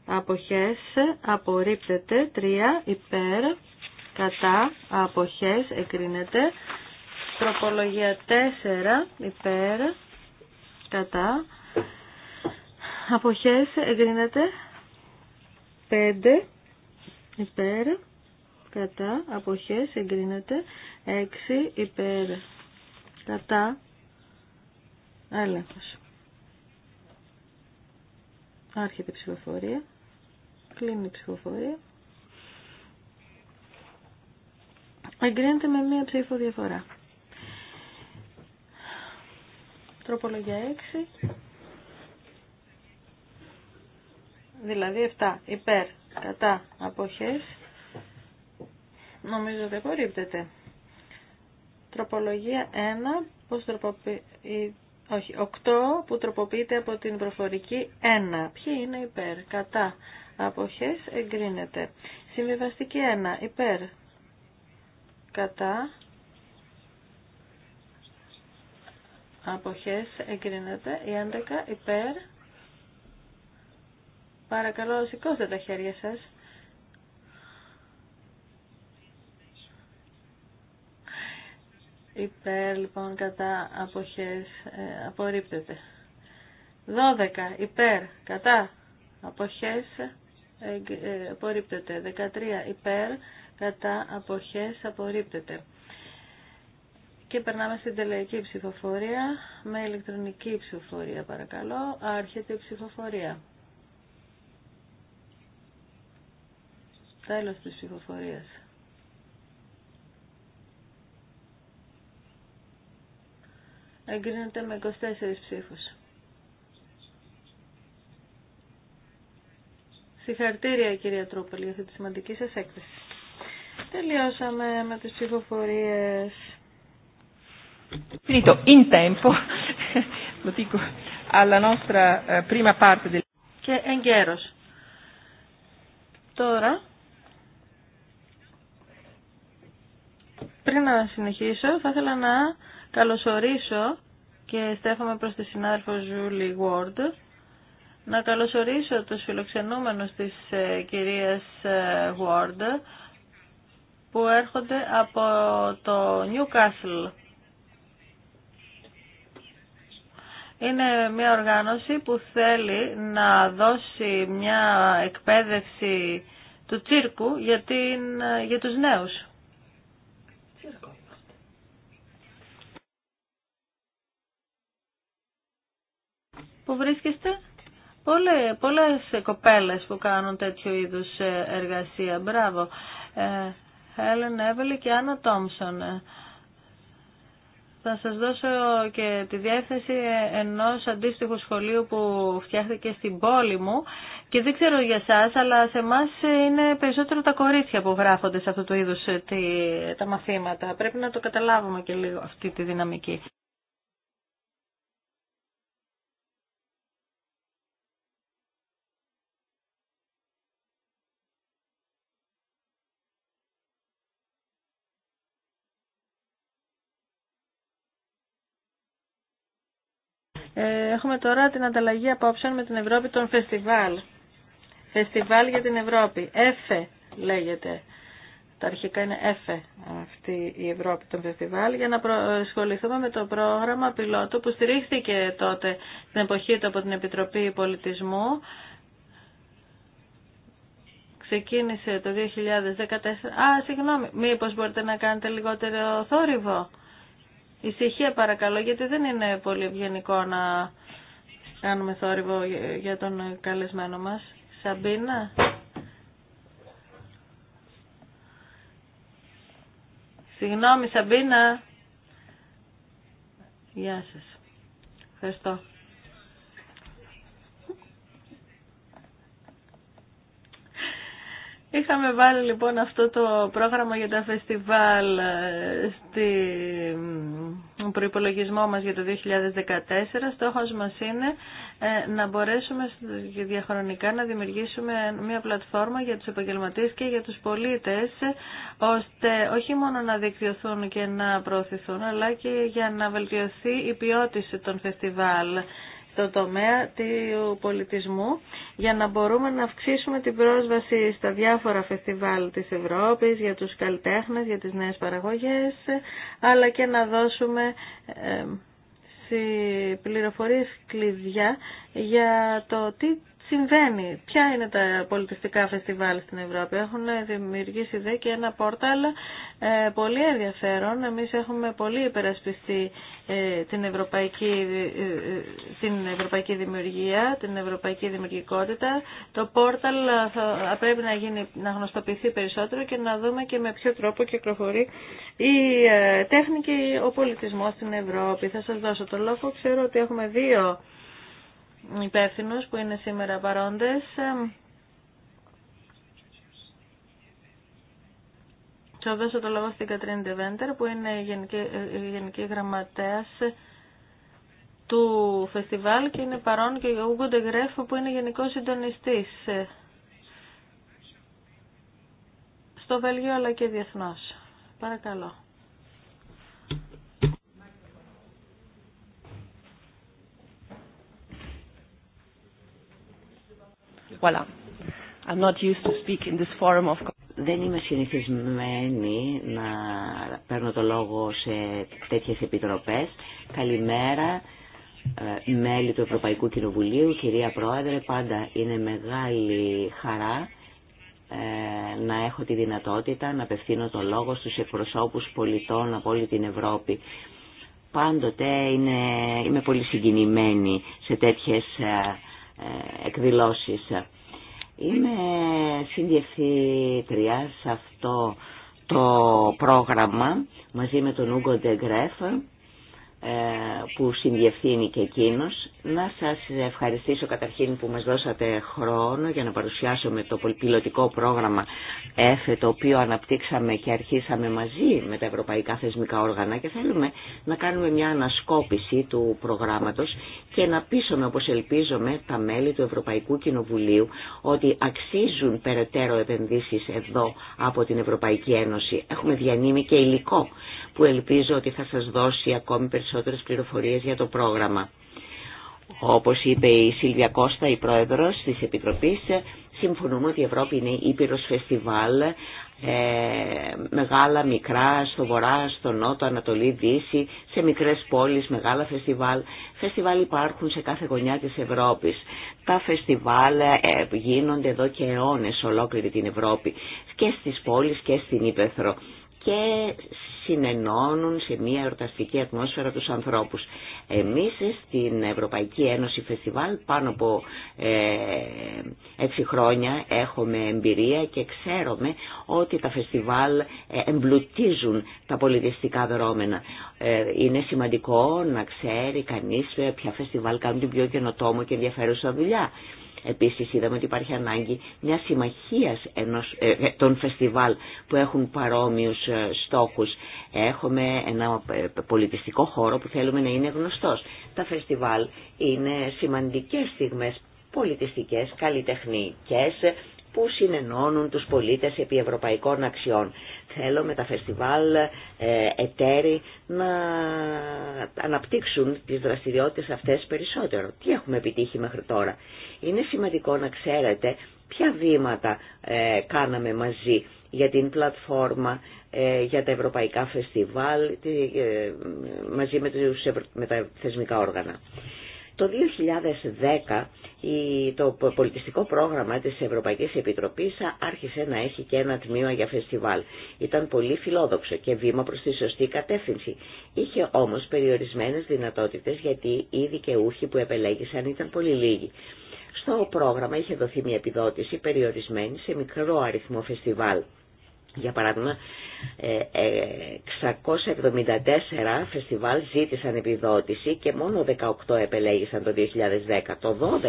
S2: αποχές, απορρίπτεται. 3. Υπέρ, κατά αποχές εγκρίνεται τροπολογία 4 υπέρ κατά αποχές εγκρίνεται 5 υπέρ κατά αποχές εγκρίνεται 6 υπέρ κατά έλεγχος άρχεται η ψηφοφορία κλείνει η ψηφοφορία εγκρίνεται με μία ψήφο διαφορά. Τροπολογία 6. Δηλαδή 7. Υπέρ, κατά, αποχές. Νομίζω δεν απορρίπτεται. Τροπολογία 1. Πώς Όχι, 8 που τροποποιείται από την προφορική 1. Ποιοι είναι υπέρ, κατά, αποχές, εγκρίνεται. Συμβιβαστική 1. Υπέρ, κατά αποχές εγκρίνεται η 11 υπέρ παρακαλώ σηκώστε τα χέρια σας υπέρ λοιπόν κατά αποχές ε, απορρίπτεται 12 υπέρ κατά αποχές ε, απορρίπτεται 13 υπέρ κατά αποχές απορρίπτεται. Και περνάμε στην τελεϊκή ψηφοφορία με ηλεκτρονική ψηφοφορία παρακαλώ. Άρχεται η ψηφοφορία. Τέλος της ψηφοφορίας. Εγκρίνεται με 24 ψήφους. Συγχαρητήρια κυρία Τρόπολη για αυτή τη σημαντική σας έκθεση. Τελειώσαμε με τις ψηφοφορίες.
S1: Finito in tempo, lo dico eh,
S2: Και Τώρα, πριν να συνεχίσω, θα ήθελα να καλωσορίσω και στέφαμε προς τη συνάδελφο Ζούλη Γουόρντ, να καλωσορίσω τους φιλοξενούμενους της ε, κυρίας Γουόρντ, ε, που έρχονται από το Newcastle. Είναι μια οργάνωση που θέλει να δώσει μια εκπαίδευση του τσίρκου για, την, για τους νέους. Τσίρκο. Πού που κάνουν τέτοιου είδους ε, εργασία. Μπράβο. Ε, Έλεν και Άννα Τόμσον. Θα σας δώσω και τη διεύθυνση ενός αντίστοιχου σχολείου που φτιάχτηκε στην πόλη μου και δεν ξέρω για σας, αλλά σε εμά είναι περισσότερο τα κορίτσια που γράφονται σε αυτό το είδους τα μαθήματα. Πρέπει να το καταλάβουμε και λίγο αυτή τη δυναμική. Έχουμε τώρα την ανταλλαγή απόψεων με την Ευρώπη των φεστιβάλ. Φεστιβάλ για την Ευρώπη. ΕΦΕ λέγεται. Τα αρχικά είναι ΕΦΕ αυτή η Ευρώπη των φεστιβάλ για να ασχοληθούμε με το πρόγραμμα πιλότου που στηρίχθηκε τότε την εποχή του από την Επιτροπή Πολιτισμού. Ξεκίνησε το 2014. Α, συγγνώμη, μήπως μπορείτε να κάνετε λιγότερο θόρυβο. Ησυχία παρακαλώ, γιατί δεν είναι πολύ ευγενικό να κάνουμε θόρυβο για τον καλεσμένο μας. Σαμπίνα. Συγγνώμη Σαμπίνα. Γεια σας. Ευχαριστώ. Είχαμε βάλει λοιπόν αυτό το πρόγραμμα για τα φεστιβάλ ε, στον προϋπολογισμό μας για το 2014. Στόχος μας είναι ε, να μπορέσουμε διαχρονικά να δημιουργήσουμε μια πλατφόρμα για τους επαγγελματίες και για τους πολίτες, ώστε όχι μόνο να δικτυωθούν και να προωθηθούν, αλλά και για να βελτιωθεί η ποιότητα των φεστιβάλ το τομέα του πολιτισμού για να μπορούμε να αυξήσουμε την πρόσβαση στα διάφορα φεστιβάλ της Ευρώπης για τους καλλιτέχνες, για τις νέες παραγωγές αλλά και να δώσουμε ε, πληροφορίες κλειδιά για το τι συμβαίνει. Ποια είναι τα πολιτιστικά φεστιβάλ στην Ευρώπη. Έχουν δημιουργήσει δε και ένα πόρταλ ε, πολύ ενδιαφέρον. Εμείς έχουμε πολύ υπερασπιστεί ε, την, ευρωπαϊκή, ε, ε, την ευρωπαϊκή δημιουργία, την ευρωπαϊκή δημιουργικότητα. Το πόρταλ θα, πρέπει να, γίνει, να γνωστοποιηθεί περισσότερο και να δούμε και με ποιο τρόπο κυκλοφορεί η τέχνη και ο πολιτισμός στην Ευρώπη. Θα σας δώσω το λόγο. Ξέρω ότι έχουμε δύο υπεύθυνους που είναι σήμερα παρόντες. Θα δώσω το λόγο στην Κατρίν Ντεβέντερ που είναι γενική, γενική γραμματέας του φεστιβάλ και είναι παρόν και ο Ούγκο που είναι γενικό συντονιστή. στο Βέλγιο αλλά και διεθνώς. Παρακαλώ.
S3: Δεν είμαι συνηθισμένη να παίρνω το λόγο σε τέτοιες επιτροπές. Καλημέρα, ε, μέλη του Ευρωπαϊκού Κοινοβουλίου, κυρία Πρόεδρε, πάντα είναι μεγάλη χαρά ε, να έχω τη δυνατότητα να απευθύνω το λόγο στους εκπροσώπους πολιτών από όλη την Ευρώπη. Πάντοτε είμαι πολύ συγκινημένη σε τέτοιες ε, εκδηλώσεις. Είμαι συνδιευθύντρια σε αυτό το πρόγραμμα μαζί με τον Ούγκο Ντεγκρέφ ε, που συνδιευθύνει και εκείνος. Να σας ευχαριστήσω καταρχήν που μας δώσατε χρόνο για να παρουσιάσουμε το πιλωτικό πρόγραμμα ΕΦΕ το οποίο αναπτύξαμε και αρχίσαμε μαζί με τα ευρωπαϊκά θεσμικά όργανα και θέλουμε να κάνουμε μια ανασκόπηση του προγράμματος και να πείσουμε όπως ελπίζουμε τα μέλη του Ευρωπαϊκού Κοινοβουλίου ότι αξίζουν περαιτέρω επενδύσεις εδώ από την Ευρωπαϊκή Ένωση. Έχουμε διανύμει και υλικό που ελπίζω ότι θα σας δώσει ακόμη περισσότερες πληροφορίες για το πρόγραμμα. Όπως είπε η Σίλβια Κώστα, η πρόεδρος της Επιτροπής, συμφωνούμε ότι η Ευρώπη είναι ήπειρος φεστιβάλ, ε, μεγάλα, μικρά, στο βορρά, στο νότο, ανατολή, δύση, σε μικρές πόλεις, μεγάλα φεστιβάλ. Φεστιβάλ υπάρχουν σε κάθε γωνιά της Ευρώπης. Τα φεστιβάλ ε, γίνονται εδώ και αιώνες ολόκληρη την Ευρώπη και στις πόλεις και στην Ήπεθρο συνενώνουν σε μια εορταστική ατμόσφαιρα τους ανθρώπους. Εμείς στην Ευρωπαϊκή Ένωση Φεστιβάλ πάνω από ε, έξι χρόνια έχουμε εμπειρία και ξέρουμε ότι τα φεστιβάλ ε, εμπλουτίζουν τα πολιτιστικά δρόμενα. Ε, είναι σημαντικό να ξέρει κανείς ποια φεστιβάλ κάνουν την πιο καινοτόμο και ενδιαφέρουσα δουλειά. Επίσης είδαμε ότι υπάρχει ανάγκη μιας συμμαχίας ε, ε, των φεστιβάλ που έχουν παρόμοιους ε, στόχους. Έχουμε ένα ε, πολιτιστικό χώρο που θέλουμε να είναι γνωστός. Τα φεστιβάλ είναι σημαντικές στιγμές πολιτιστικές, καλλιτεχνικές που συνενώνουν τους πολίτες επί ευρωπαϊκών αξιών θέλω με τα φεστιβάλ, ε, εταίροι να αναπτύξουν τις δραστηριότητες αυτές περισσότερο. Τι έχουμε επιτύχει μέχρι τώρα. Είναι σημαντικό να ξέρετε ποια βήματα ε, κάναμε μαζί για την πλατφόρμα, ε, για τα ευρωπαϊκά φεστιβάλ, τη, ε, μαζί με, με τα θεσμικά όργανα. Το 2010 το πολιτιστικό πρόγραμμα της Ευρωπαϊκής Επιτροπής άρχισε να έχει και ένα τμήμα για φεστιβάλ. Ήταν πολύ φιλόδοξο και βήμα προς τη σωστή κατεύθυνση. Είχε όμως περιορισμένες δυνατότητες γιατί οι δικαιούχοι που επελέγησαν ήταν πολύ λίγοι. Στο πρόγραμμα είχε δοθεί μια επιδότηση περιορισμένη σε μικρό αριθμό φεστιβάλ. Για παράδειγμα, 674 ε, ε, φεστιβάλ ζήτησαν επιδότηση και μόνο 18 επελέγησαν το 2010. Το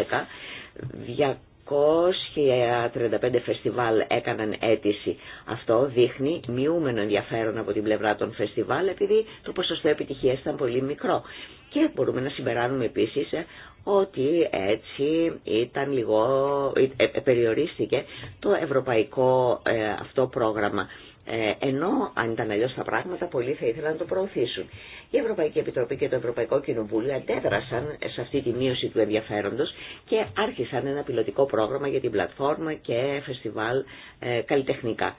S3: 12, 235 φεστιβάλ έκαναν αίτηση. Αυτό δείχνει μειούμενο ενδιαφέρον από την πλευρά των φεστιβάλ επειδή το ποσοστό επιτυχίας ήταν πολύ μικρό. Και μπορούμε να συμπεράνουμε επίσης ε, ότι έτσι ήταν λίγο, ε, ε, ε, περιορίστηκε το ευρωπαϊκό αυτό πρόγραμμα. Ενώ αν ήταν αλλιώ τα πράγματα, πολλοί θα ήθελαν να το προωθήσουν. Η Ευρωπαϊκή Επιτροπή και το Ευρωπαϊκό Κοινοβούλιο αντέδρασαν σε αυτή τη μείωση του ενδιαφέροντο και άρχισαν ένα πιλωτικό πρόγραμμα για την πλατφόρμα και φεστιβάλ καλλιτεχνικά.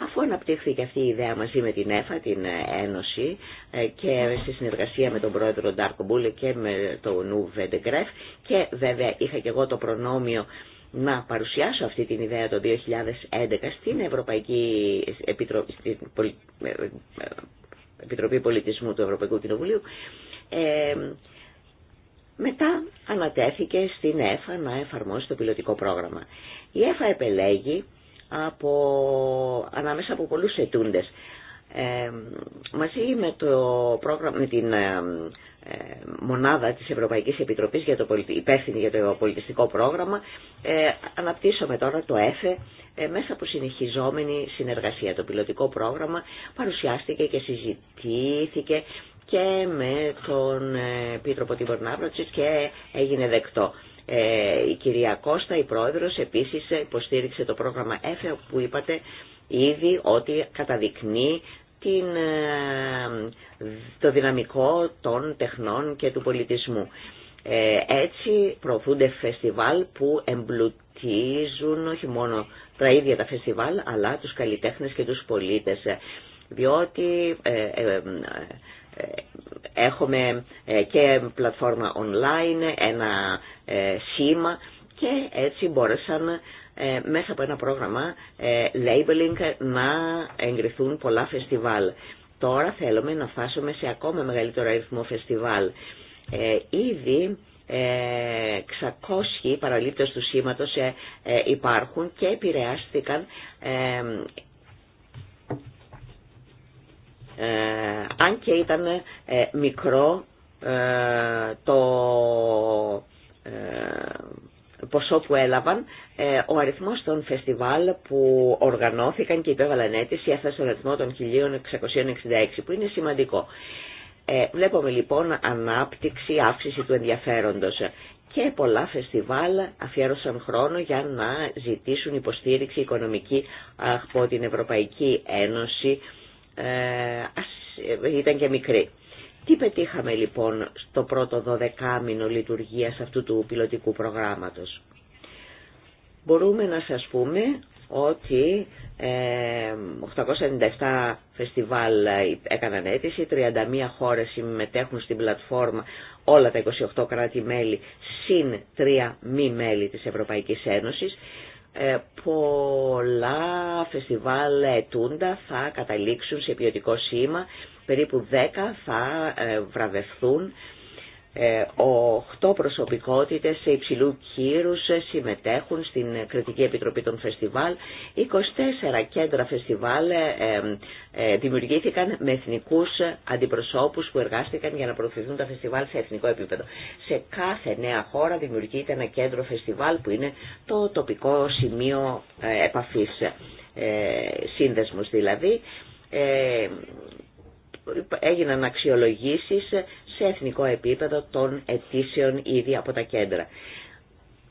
S3: Αφού αναπτύχθηκε αυτή η ιδέα μαζί με την ΕΦΑ, την Ένωση ε, και στη συνεργασία με τον πρόεδρο Ντάρκο Μπούλε και με τον Νου Βεντεγκρέφ και βέβαια είχα και εγώ το προνόμιο να παρουσιάσω αυτή την ιδέα το 2011 στην Ευρωπαϊκή ε, ε, Επιτροπή, Πολιτισμού του Ευρωπαϊκού Κοινοβουλίου ε, μετά ανατέθηκε στην ΕΦΑ να εφαρμόσει το πιλωτικό πρόγραμμα. Η ΕΦΑ επελέγει από, ανάμεσα από πολλούς ετούντες. Ε, μαζί με, το πρόγραμμα, την ε, ε, μονάδα της Ευρωπαϊκής Επιτροπής για το πολιτι... υπεύθυνη για το πολιτιστικό πρόγραμμα ε, αναπτύσσουμε τώρα το ΕΦΕ ε, μέσα από συνεχιζόμενη συνεργασία. Το πιλωτικό πρόγραμμα παρουσιάστηκε και συζητήθηκε και με τον ε, Πίτροπο Ποτιμπορνάβροτσης και έγινε δεκτό. Ε, η κυρία Κώστα, η πρόεδρος, επίσης υποστήριξε το πρόγραμμα ΕΦΕ που είπατε ήδη ότι καταδεικνύει την, ε, το δυναμικό των τεχνών και του πολιτισμού. Ε, έτσι προωθούνται φεστιβάλ που εμπλουτίζουν όχι μόνο τα ίδια τα φεστιβάλ αλλά τους καλλιτέχνες και τους πολίτες διότι Έχουμε ε, και πλατφόρμα online, ένα ε, σήμα και έτσι μπόρεσαν ε, μέσα από ένα πρόγραμμα labeling να εγκριθούν πολλά φεστιβάλ. Τώρα θέλουμε να φτάσουμε σε ακόμα μεγαλύτερο αριθμό φεστιβάλ. Ήδη 600 παραλήπτες του σήματος υπάρχουν και επηρεάστηκαν ε, αν και ήταν ε, μικρό ε, το ποσό που έλαβαν, ο αριθμός των φεστιβάλ που οργανώθηκαν και υπέβαλαν αίτηση έφτασε στον αριθμό των 1666, που είναι σημαντικό. βλέπουμε λοιπόν ανάπτυξη, αύξηση του ενδιαφέροντος και πολλά φεστιβάλ αφιέρωσαν χρόνο για να ζητήσουν υποστήριξη οικονομική από την Ευρωπαϊκή Ένωση ε, ε, ήταν και μικρή. Τι πετύχαμε λοιπόν στο πρώτο δωδεκάμινο λειτουργίας αυτού του πιλωτικού προγράμματος. Μπορούμε να σας πούμε ότι 897 ε, φεστιβάλ έκαναν αίτηση, 31 χώρες συμμετέχουν στην πλατφόρμα, όλα τα 28 κράτη-μέλη, συν 3 μη μέλη της Ευρωπαϊκής Ένωσης ε, πολλά φεστιβάλ ετούντα θα καταλήξουν σε ποιοτικό σήμα, περίπου 10 θα ε, βραβευθούν ε, Οχτώ προσωπικότητες σε υψηλού κύρους συμμετέχουν στην Κριτική Επιτροπή των Φεστιβάλ. 24 κέντρα φεστιβάλ ε, ε, δημιουργήθηκαν με εθνικούς αντιπροσώπους που εργάστηκαν για να προωθηθούν τα φεστιβάλ σε εθνικό επίπεδο. Σε κάθε νέα χώρα δημιουργείται ένα κέντρο φεστιβάλ που είναι το τοπικό σημείο επαφής, σύνδεσμος δηλαδή έγιναν αξιολογήσεις σε εθνικό επίπεδο των αιτήσεων ήδη από τα κέντρα.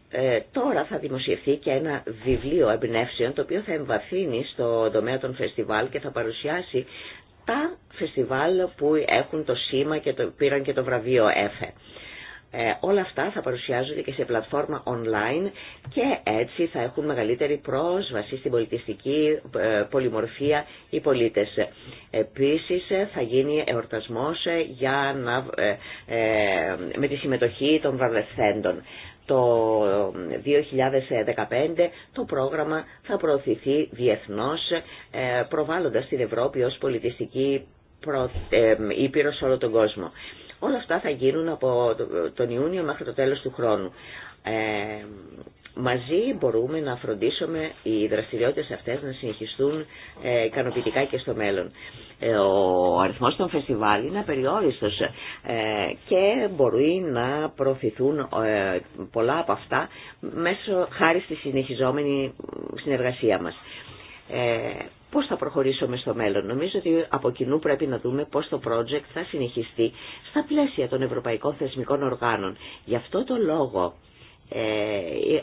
S3: Ε, τώρα θα δημοσιευθεί και ένα βιβλίο εμπνεύσεων το οποίο θα εμβαθύνει στο τομέα των φεστιβάλ και θα παρουσιάσει τα φεστιβάλ που έχουν το σήμα και το, πήραν και το βραβείο ΕΦΕ. Ε, όλα αυτά θα παρουσιάζονται και σε πλατφόρμα online και έτσι θα έχουν μεγαλύτερη πρόσβαση στην πολιτιστική ε, πολυμορφία οι πολίτες. Επίσης ε, θα γίνει εορτασμός ε, για να, με τη συμμετοχή των βαρδευθέντων. Το 2015 το πρόγραμμα θα προωθηθεί διεθνώς προβάλλοντας την Ευρώπη ως πολιτιστική προ... ήπειρο σε όλο τον κόσμο. Όλα αυτά θα γίνουν από τον Ιούνιο μέχρι το τέλος του χρόνου. Ε, μαζί μπορούμε να φροντίσουμε οι δραστηριότητες αυτές να συνεχιστούν ε, ικανοποιητικά και στο μέλλον. Ε, ο αριθμός των φεστιβάλ είναι απεριόριστος ε, και μπορεί να προωθηθούν πολλά από αυτά μέσω χάρη στη συνεχιζόμενη συνεργασία μας πώς θα προχωρήσουμε στο μέλλον. Νομίζω ότι από κοινού πρέπει να δούμε πώς το project θα συνεχιστεί στα πλαίσια των ευρωπαϊκών θεσμικών οργάνων. Γι' αυτό το λόγο ε,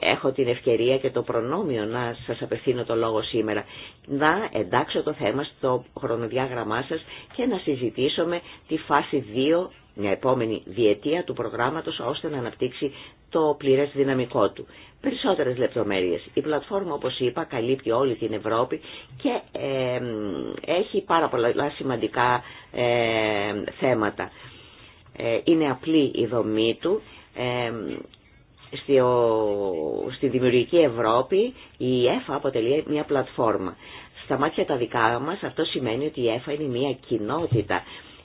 S3: έχω την ευκαιρία και το προνόμιο να σας απευθύνω το λόγο σήμερα, να εντάξω το θέμα στο χρονοδιάγραμμά σας και να συζητήσουμε τη φάση 2 μια επόμενη διετία του προγράμματος ώστε να αναπτύξει το πλήρες δυναμικό του. Περισσότερες λεπτομέρειες. Η πλατφόρμα όπως είπα καλύπτει όλη την Ευρώπη και ε, έχει πάρα πολλά σημαντικά θέματα. Ε, είναι απλή η δομή του. Ε, στη δημιουργική Ευρώπη η ΕΦΑ αποτελεί μια πλατφόρμα. Στα μάτια τα δικά μας αυτό σημαίνει ότι η ΕΦΑ είναι μια κοινότητα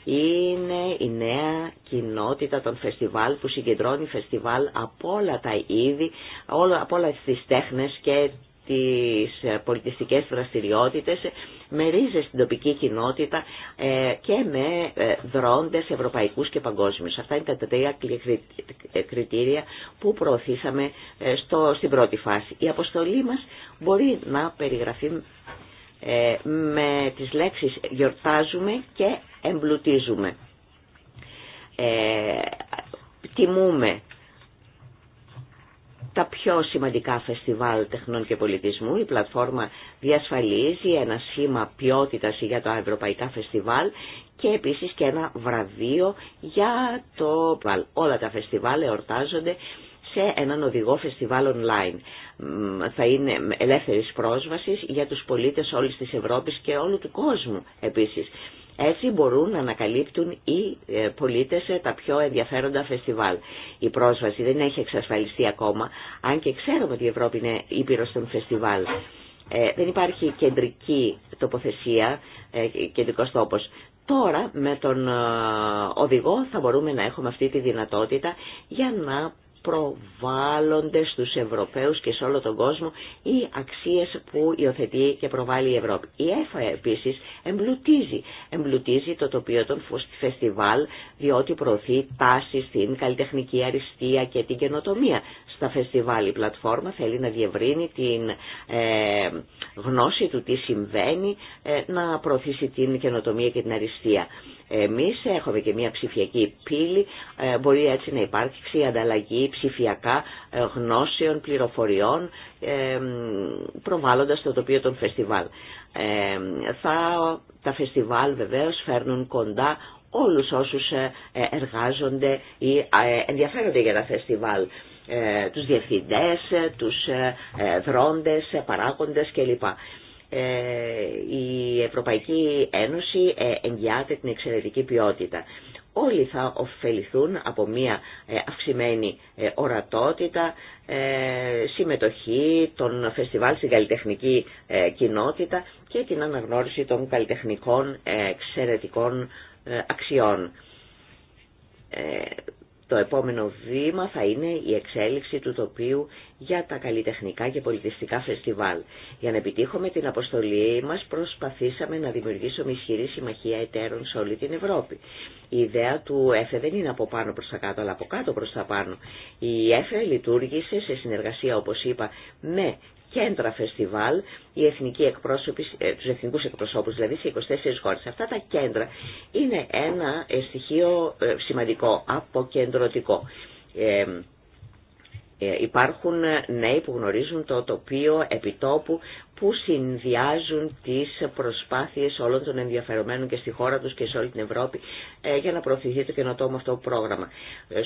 S3: είναι η νέα κοινότητα των φεστιβάλ που συγκεντρώνει φεστιβάλ από όλα τα είδη, από όλα τις τέχνες και τις ε, πολιτιστικές δραστηριότητες με ρίζες στην τοπική κοινότητα ε, και με ε, δρόντες ευρωπαϊκούς και παγκόσμιους. Αυτά είναι τα τρία κριτήρια που προωθήσαμε στο, στην πρώτη φάση. Η αποστολή μας μπορεί να περιγραφεί ε, με τις λέξεις γιορτάζουμε και εμπλουτίζουμε. Ε, τιμούμε τα πιο σημαντικά φεστιβάλ τεχνών και πολιτισμού. Η πλατφόρμα διασφαλίζει ένα σχήμα ποιότητας για τα ευρωπαϊκά φεστιβάλ και επίσης και ένα βραβείο για το... Όλα τα φεστιβάλ εορτάζονται σε έναν οδηγό φεστιβάλ online. Θα είναι ελεύθερης πρόσβασης για τους πολίτες όλης της Ευρώπης και όλου του κόσμου επίσης. Έτσι μπορούν να ανακαλύπτουν οι ε, πολίτες ε, τα πιο ενδιαφέροντα φεστιβάλ. Η πρόσβαση δεν έχει εξασφαλιστεί ακόμα, αν και ξέρουμε ότι η Ευρώπη είναι ήπειρος των φεστιβάλ. Ε, δεν υπάρχει κεντρική τοποθεσία, ε, κεντρικός τόπος. Τώρα με τον οδηγό θα μπορούμε να έχουμε αυτή τη δυνατότητα για να προβάλλονται στους Ευρωπαίους και σε όλο τον κόσμο οι αξίες που υιοθετεί και προβάλλει η Ευρώπη. Η ΕΦΑ επίσης εμπλουτίζει, εμπλουτίζει το τοπίο των φεστιβάλ διότι προωθεί τάση στην καλλιτεχνική αριστεία και την καινοτομία στα φεστιβάλ. Η πλατφόρμα θέλει να διευρύνει την ε, γνώση του τι συμβαίνει, ε, να προωθήσει την καινοτομία και την αριστεία. Εμείς έχουμε και μια ψηφιακή πύλη, ε, μπορεί έτσι να υπάρξει ανταλλαγή ψηφιακά γνώσεων, πληροφοριών, προβάλλοντας το τοπίο των φεστιβάλ. θα, τα φεστιβάλ βεβαίως φέρνουν κοντά όλους όσους εργάζονται ή ενδιαφέρονται για τα φεστιβάλ. Ε, τους διευθυντές, ε, τους ε, δρόντες, παράγοντες κλπ. Η Ευρωπαϊκή Ένωση εγγυάται την εξαιρετική ποιότητα. Όλοι θα ωφεληθούν από μια αυξημένη ορατότητα, συμμετοχή των φεστιβάλ στην καλλιτεχνική κοινότητα και την αναγνώριση των καλλιτεχνικών εξαιρετικών αξιών το επόμενο βήμα θα είναι η εξέλιξη του τοπίου για τα καλλιτεχνικά και πολιτιστικά φεστιβάλ. Για να επιτύχουμε την αποστολή μας προσπαθήσαμε να δημιουργήσουμε ισχυρή συμμαχία εταίρων σε όλη την Ευρώπη. Η ιδέα του ΕΦΕ δεν είναι από πάνω προς τα κάτω αλλά από κάτω προς τα πάνω. Η ΕΦΕ λειτουργήσε σε συνεργασία όπως είπα με κέντρα φεστιβάλ, οι εθνικοί εκπρόσωποι, ε, τους εθνικούς εκπροσώπους δηλαδή σε 24 χώρες. Αυτά τα κέντρα είναι ένα ε, στοιχείο ε, σημαντικό, αποκεντρωτικό. Ε, υπάρχουν ε, νέοι που γνωρίζουν το τοπίο επιτόπου που συνδυάζουν τις προσπάθειες όλων των ενδιαφερομένων και στη χώρα τους και σε όλη την Ευρώπη ε, για να προωθηθεί το καινοτόμο αυτό πρόγραμμα.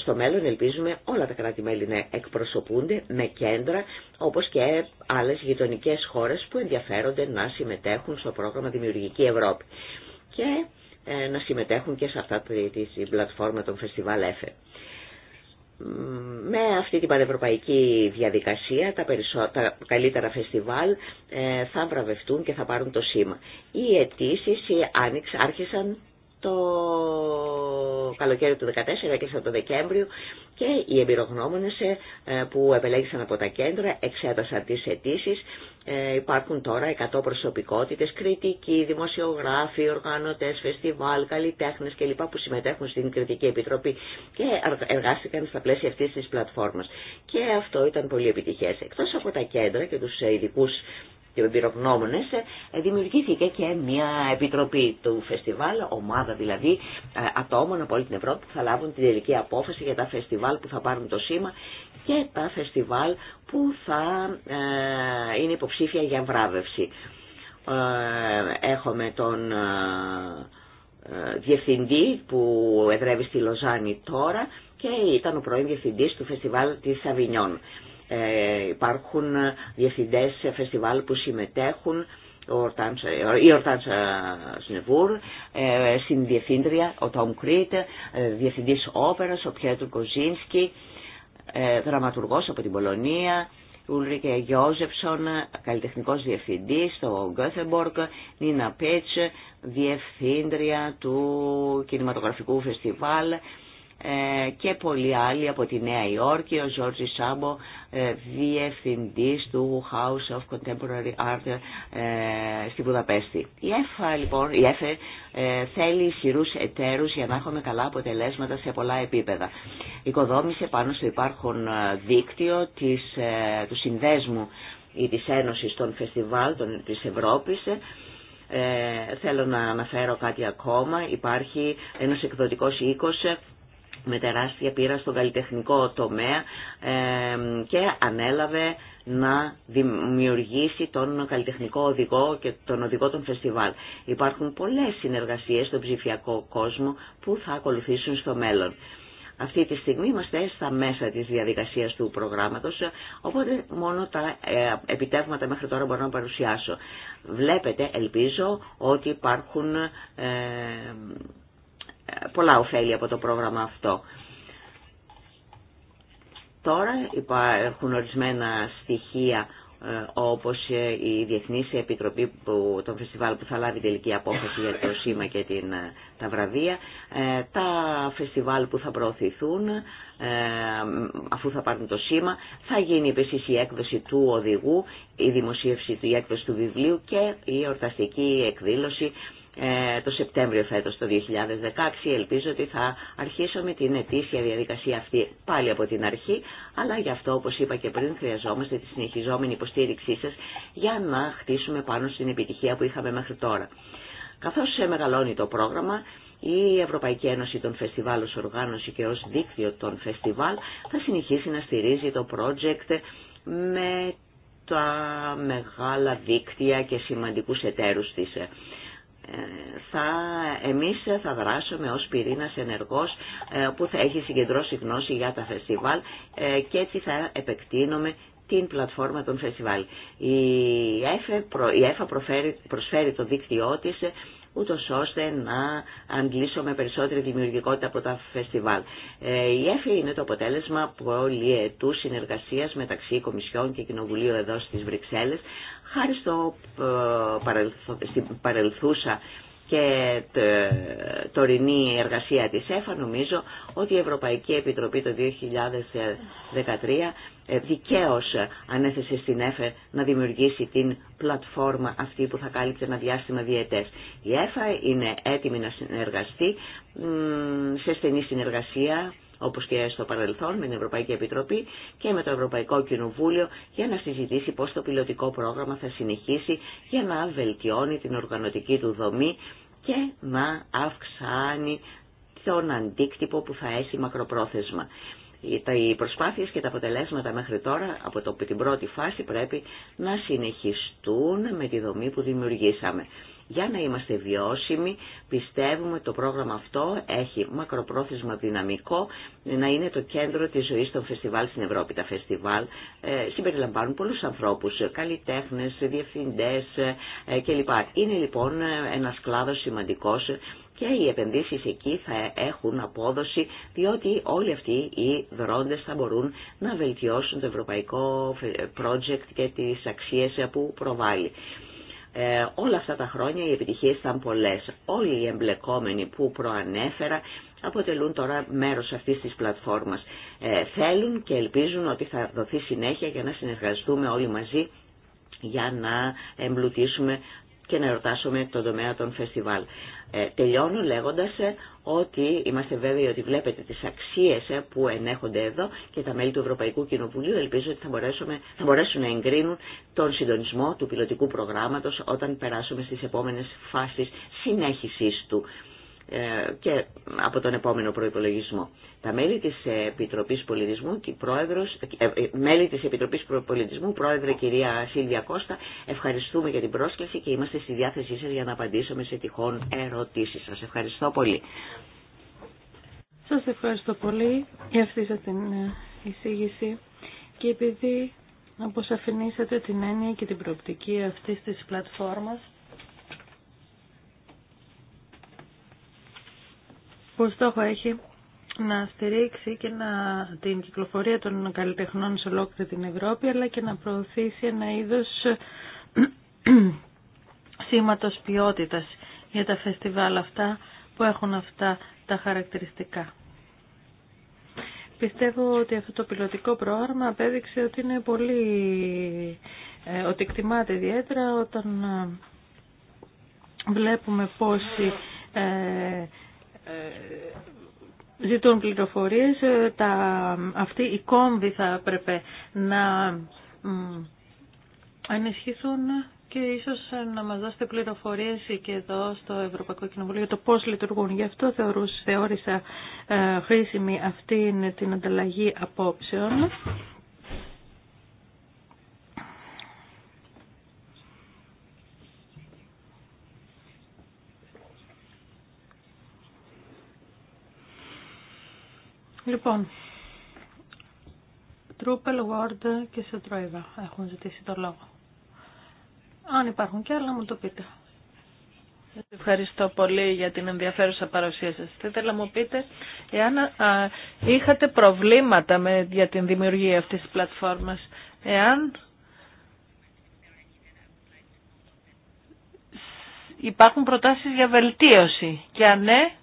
S3: Στο μέλλον ελπίζουμε όλα τα κράτη-μέλη να εκπροσωπούνται με κέντρα όπως και άλλες γειτονικές χώρες που ενδιαφέρονται να συμμετέχουν στο πρόγραμμα Δημιουργική Ευρώπη και να συμμετέχουν και σε αυτά την πλατφόρμα των Φεστιβάλ ΕΦΕ με αυτή την πανευρωπαϊκή διαδικασία τα, τα καλύτερα φεστιβάλ ε, θα βραβευτούν και θα πάρουν το σήμα. Οι αιτήσει άρχισαν το καλοκαίρι του 2014, έκλεισα το Δεκέμβριο και οι εμπειρογνώμονες ε, που επελέγησαν από τα κέντρα εξέτασαν τις αιτήσει. Ε, υπάρχουν τώρα 100 προσωπικότητες, κριτικοί, δημοσιογράφοι, οργάνωτες, φεστιβάλ, καλλιτέχνες κλπ. που συμμετέχουν στην Κριτική Επιτροπή και εργάστηκαν στα πλαίσια αυτής της πλατφόρμας. Και αυτό ήταν πολύ επιτυχές. Εκτός από τα κέντρα και τους ειδικού και εμπειρογνώμονες, ε, δημιουργήθηκε και μια επιτροπή του φεστιβάλ, ομάδα δηλαδή ε, ατόμων από όλη την Ευρώπη που θα λάβουν την τελική απόφαση για τα φεστιβάλ που θα πάρουν το σήμα και τα φεστιβάλ που θα ε, είναι υποψήφια για βράβευση. Έχουμε τον διευθυντή που εδρεύει στη Λοζάνη τώρα και ήταν ο πρώην διευθυντής του Φεστιβάλ της Αβινιών. Ε, υπάρχουν διευθυντές φεστιβάλ που συμμετέχουν, ε, η Ορτάντσα ε, Σνεβούρ, στην Διευθύντρια, ο Τόμ Κρίτ, Διευθυντής Όπερας, ο Πιέτρου Κοζίνσκι, δραματουργός από την Πολωνία, Ούλρικε Γιώζεψον, καλλιτεχνικός διευθυντής στο Γκέθεμπορκ Νίνα Πέτς, διευθύντρια του Κινηματογραφικού Φεστιβάλ, ε, και πολλοί άλλοι από τη Νέα Υόρκη, ο Γιώργη Σάμπο, ε, διευθυντής του House of Contemporary Art ε, στη Βουδαπέστη. Η ΕΦΑ λοιπόν, η ΕΦΕ θέλει ισχυρού εταίρου για να έχουμε καλά αποτελέσματα σε πολλά επίπεδα. Οικοδόμησε πάνω στο υπάρχον δίκτυο της, του συνδέσμου ή της Ένωσης των Φεστιβάλ των, της Ευρώπης, θέλω να αναφέρω κάτι ακόμα. Υπάρχει ένας εκδοτικός οίκος με τεράστια πείρα στον καλλιτεχνικό τομέα και ανέλαβε να δημιουργήσει τον καλλιτεχνικό οδηγό και τον οδηγό των φεστιβάλ. Υπάρχουν πολλές συνεργασίες στον ψηφιακό κόσμο που θα ακολουθήσουν στο μέλλον. Αυτή τη στιγμή είμαστε στα μέσα της διαδικασίας του προγράμματος, οπότε μόνο τα ε, επιτεύγματα μέχρι τώρα μπορώ να παρουσιάσω. Βλέπετε, ελπίζω, ότι υπάρχουν ε, πολλά ωφέλη από το πρόγραμμα αυτό. Τώρα υπάρχουν ορισμένα στοιχεία ε, όπως ε, η Διεθνής Επιτροπή που, των φεστιβάλ που θα λάβει τελική απόφαση για το σήμα και την, ε, τα βραβεία, τα φεστιβάλ που θα προωθηθούν αφού θα πάρουν το σήμα, θα γίνει επίσης η έκδοση του οδηγού, η δημοσίευση του έκδοση του βιβλίου και η ορταστική εκδήλωση ε, το Σεπτέμβριο φέτος το 2016. Ελπίζω ότι θα αρχίσω με την ετήσια διαδικασία αυτή πάλι από την αρχή, αλλά γι' αυτό όπως είπα και πριν χρειαζόμαστε τη συνεχιζόμενη υποστήριξή σας για να χτίσουμε πάνω στην επιτυχία που είχαμε μέχρι τώρα. Καθώς μεγαλώνει το πρόγραμμα, η Ευρωπαϊκή Ένωση των Φεστιβάλ ως οργάνωση και ως δίκτυο των φεστιβάλ θα συνεχίσει να στηρίζει το project με τα μεγάλα δίκτυα και σημαντικούς εταίρους της θα, εμείς θα δράσουμε ως πυρήνας ενεργός ε, που θα έχει συγκεντρώσει γνώση για τα φεστιβάλ ε, και έτσι θα επεκτείνουμε την πλατφόρμα των φεστιβάλ. Η ΕΦΑ προσφέρει το δίκτυό της ε, ούτω ώστε να αντλήσουμε περισσότερη δημιουργικότητα από τα φεστιβάλ. Η ΕΦΗ είναι το αποτέλεσμα πολυετού συνεργασίας μεταξύ Κομισιών και Κοινοβουλίου εδώ στις Βρυξέλλες χάρη στο ε, στην παρελθούσα και τωρινή εργασία της ΕΦΑ νομίζω ότι η Ευρωπαϊκή Επιτροπή το 2013 ε, δικαίως ανέθεσε στην ΕΦΕ να δημιουργήσει την πλατφόρμα αυτή που θα κάλυψε ένα διάστημα διετές. Η ΕΦΑ είναι έτοιμη να συνεργαστεί σε στενή συνεργασία όπως και στο παρελθόν με την Ευρωπαϊκή Επιτροπή και με το Ευρωπαϊκό Κοινοβούλιο για να συζητήσει πώς το πιλωτικό πρόγραμμα θα συνεχίσει για να βελτιώνει την οργανωτική του δομή και να αυξάνει τον αντίκτυπο που θα έχει μακροπρόθεσμα. Οι προσπάθειες και τα αποτελέσματα μέχρι τώρα από την πρώτη φάση πρέπει να συνεχιστούν με τη δομή που δημιουργήσαμε. Για να είμαστε βιώσιμοι, πιστεύουμε το πρόγραμμα αυτό έχει μακροπρόθεσμα δυναμικό να είναι το κέντρο της ζωής των φεστιβάλ στην Ευρώπη. Τα φεστιβάλ ε, συμπεριλαμβάνουν πολλούς ανθρώπους, καλλιτέχνες, διευθυντές ε, κλπ. Είναι λοιπόν ε, ένας κλάδος σημαντικός και οι επενδύσεις εκεί θα έχουν απόδοση διότι όλοι αυτοί οι δρόντες θα μπορούν να βελτιώσουν το ευρωπαϊκό project και τις αξίες που προβάλλει. Ε, όλα αυτά τα χρόνια οι επιτυχίες ήταν πολλές. Όλοι οι εμπλεκόμενοι που προανέφερα αποτελούν τώρα μέρος αυτής της πλατφόρμας. Ε, θέλουν και ελπίζουν ότι θα δοθεί συνέχεια για να συνεργαστούμε όλοι μαζί για να εμπλουτίσουμε και να ερωτάσουμε τον τομέα των φεστιβάλ. Ε, τελειώνω λέγοντας ε, ότι είμαστε βέβαιοι ότι βλέπετε τις αξίες ε, που ενέχονται εδώ και τα μέλη του Ευρωπαϊκού Κοινοβουλίου ελπίζω ότι θα, μπορέσουμε, θα μπορέσουν να εγκρίνουν τον συντονισμό του πιλωτικού προγράμματος όταν περάσουμε στις επόμενες φάσεις συνέχισης του. Ε, και από τον επόμενο προϋπολογισμό. Τα μέλη της Επιτροπής Πολιτισμού και πρόεδρος, ε, ε, μέλη της Επιτροπής Πολιτισμού, πρόεδρε κυρία Σίλβια Κώστα, ευχαριστούμε για την πρόσκληση και είμαστε στη διάθεσή σας για να απαντήσουμε σε τυχόν ερωτήσεις. Σας ευχαριστώ πολύ.
S2: Σας ευχαριστώ πολύ για αυτή σας την εισήγηση και επειδή αφηνήσατε, την έννοια και την προοπτική αυτής της πλατφόρμας που στόχο έχει να στηρίξει και να, την κυκλοφορία των καλλιτεχνών σε ολόκληρη την Ευρώπη, αλλά και να προωθήσει ένα είδος σήματος ποιότητας για τα φεστιβάλ αυτά που έχουν αυτά τα χαρακτηριστικά. Πιστεύω ότι αυτό το πιλωτικό πρόγραμμα απέδειξε ότι είναι πολύ, ε, ότι εκτιμάται ιδιαίτερα όταν ε, βλέπουμε πόσοι ε, ε, ζητούν πληροφορίες. Ε, τα, αυτοί οι κόμβοι θα έπρεπε να ενισχύσουν και ίσως να μας δώσετε πληροφορίες και εδώ στο Ευρωπαϊκό Κοινοβούλιο για το πώς λειτουργούν. Γι' αυτό θεωρούσα, θεώρησα ε, χρήσιμη αυτή την ανταλλαγή απόψεων Λοιπόν, Τρούπελ, Βόρντ και Σετροϊβά έχουν ζητήσει το λόγο. Αν υπάρχουν και άλλα, μου το πείτε. Ευχαριστώ πολύ για την ενδιαφέρουσα παρουσία σας. Θα ήθελα να μου πείτε εάν είχατε προβλήματα με, για την δημιουργία αυτής της πλατφόρμας. Εάν υπάρχουν προτάσεις για βελτίωση και αν ναι,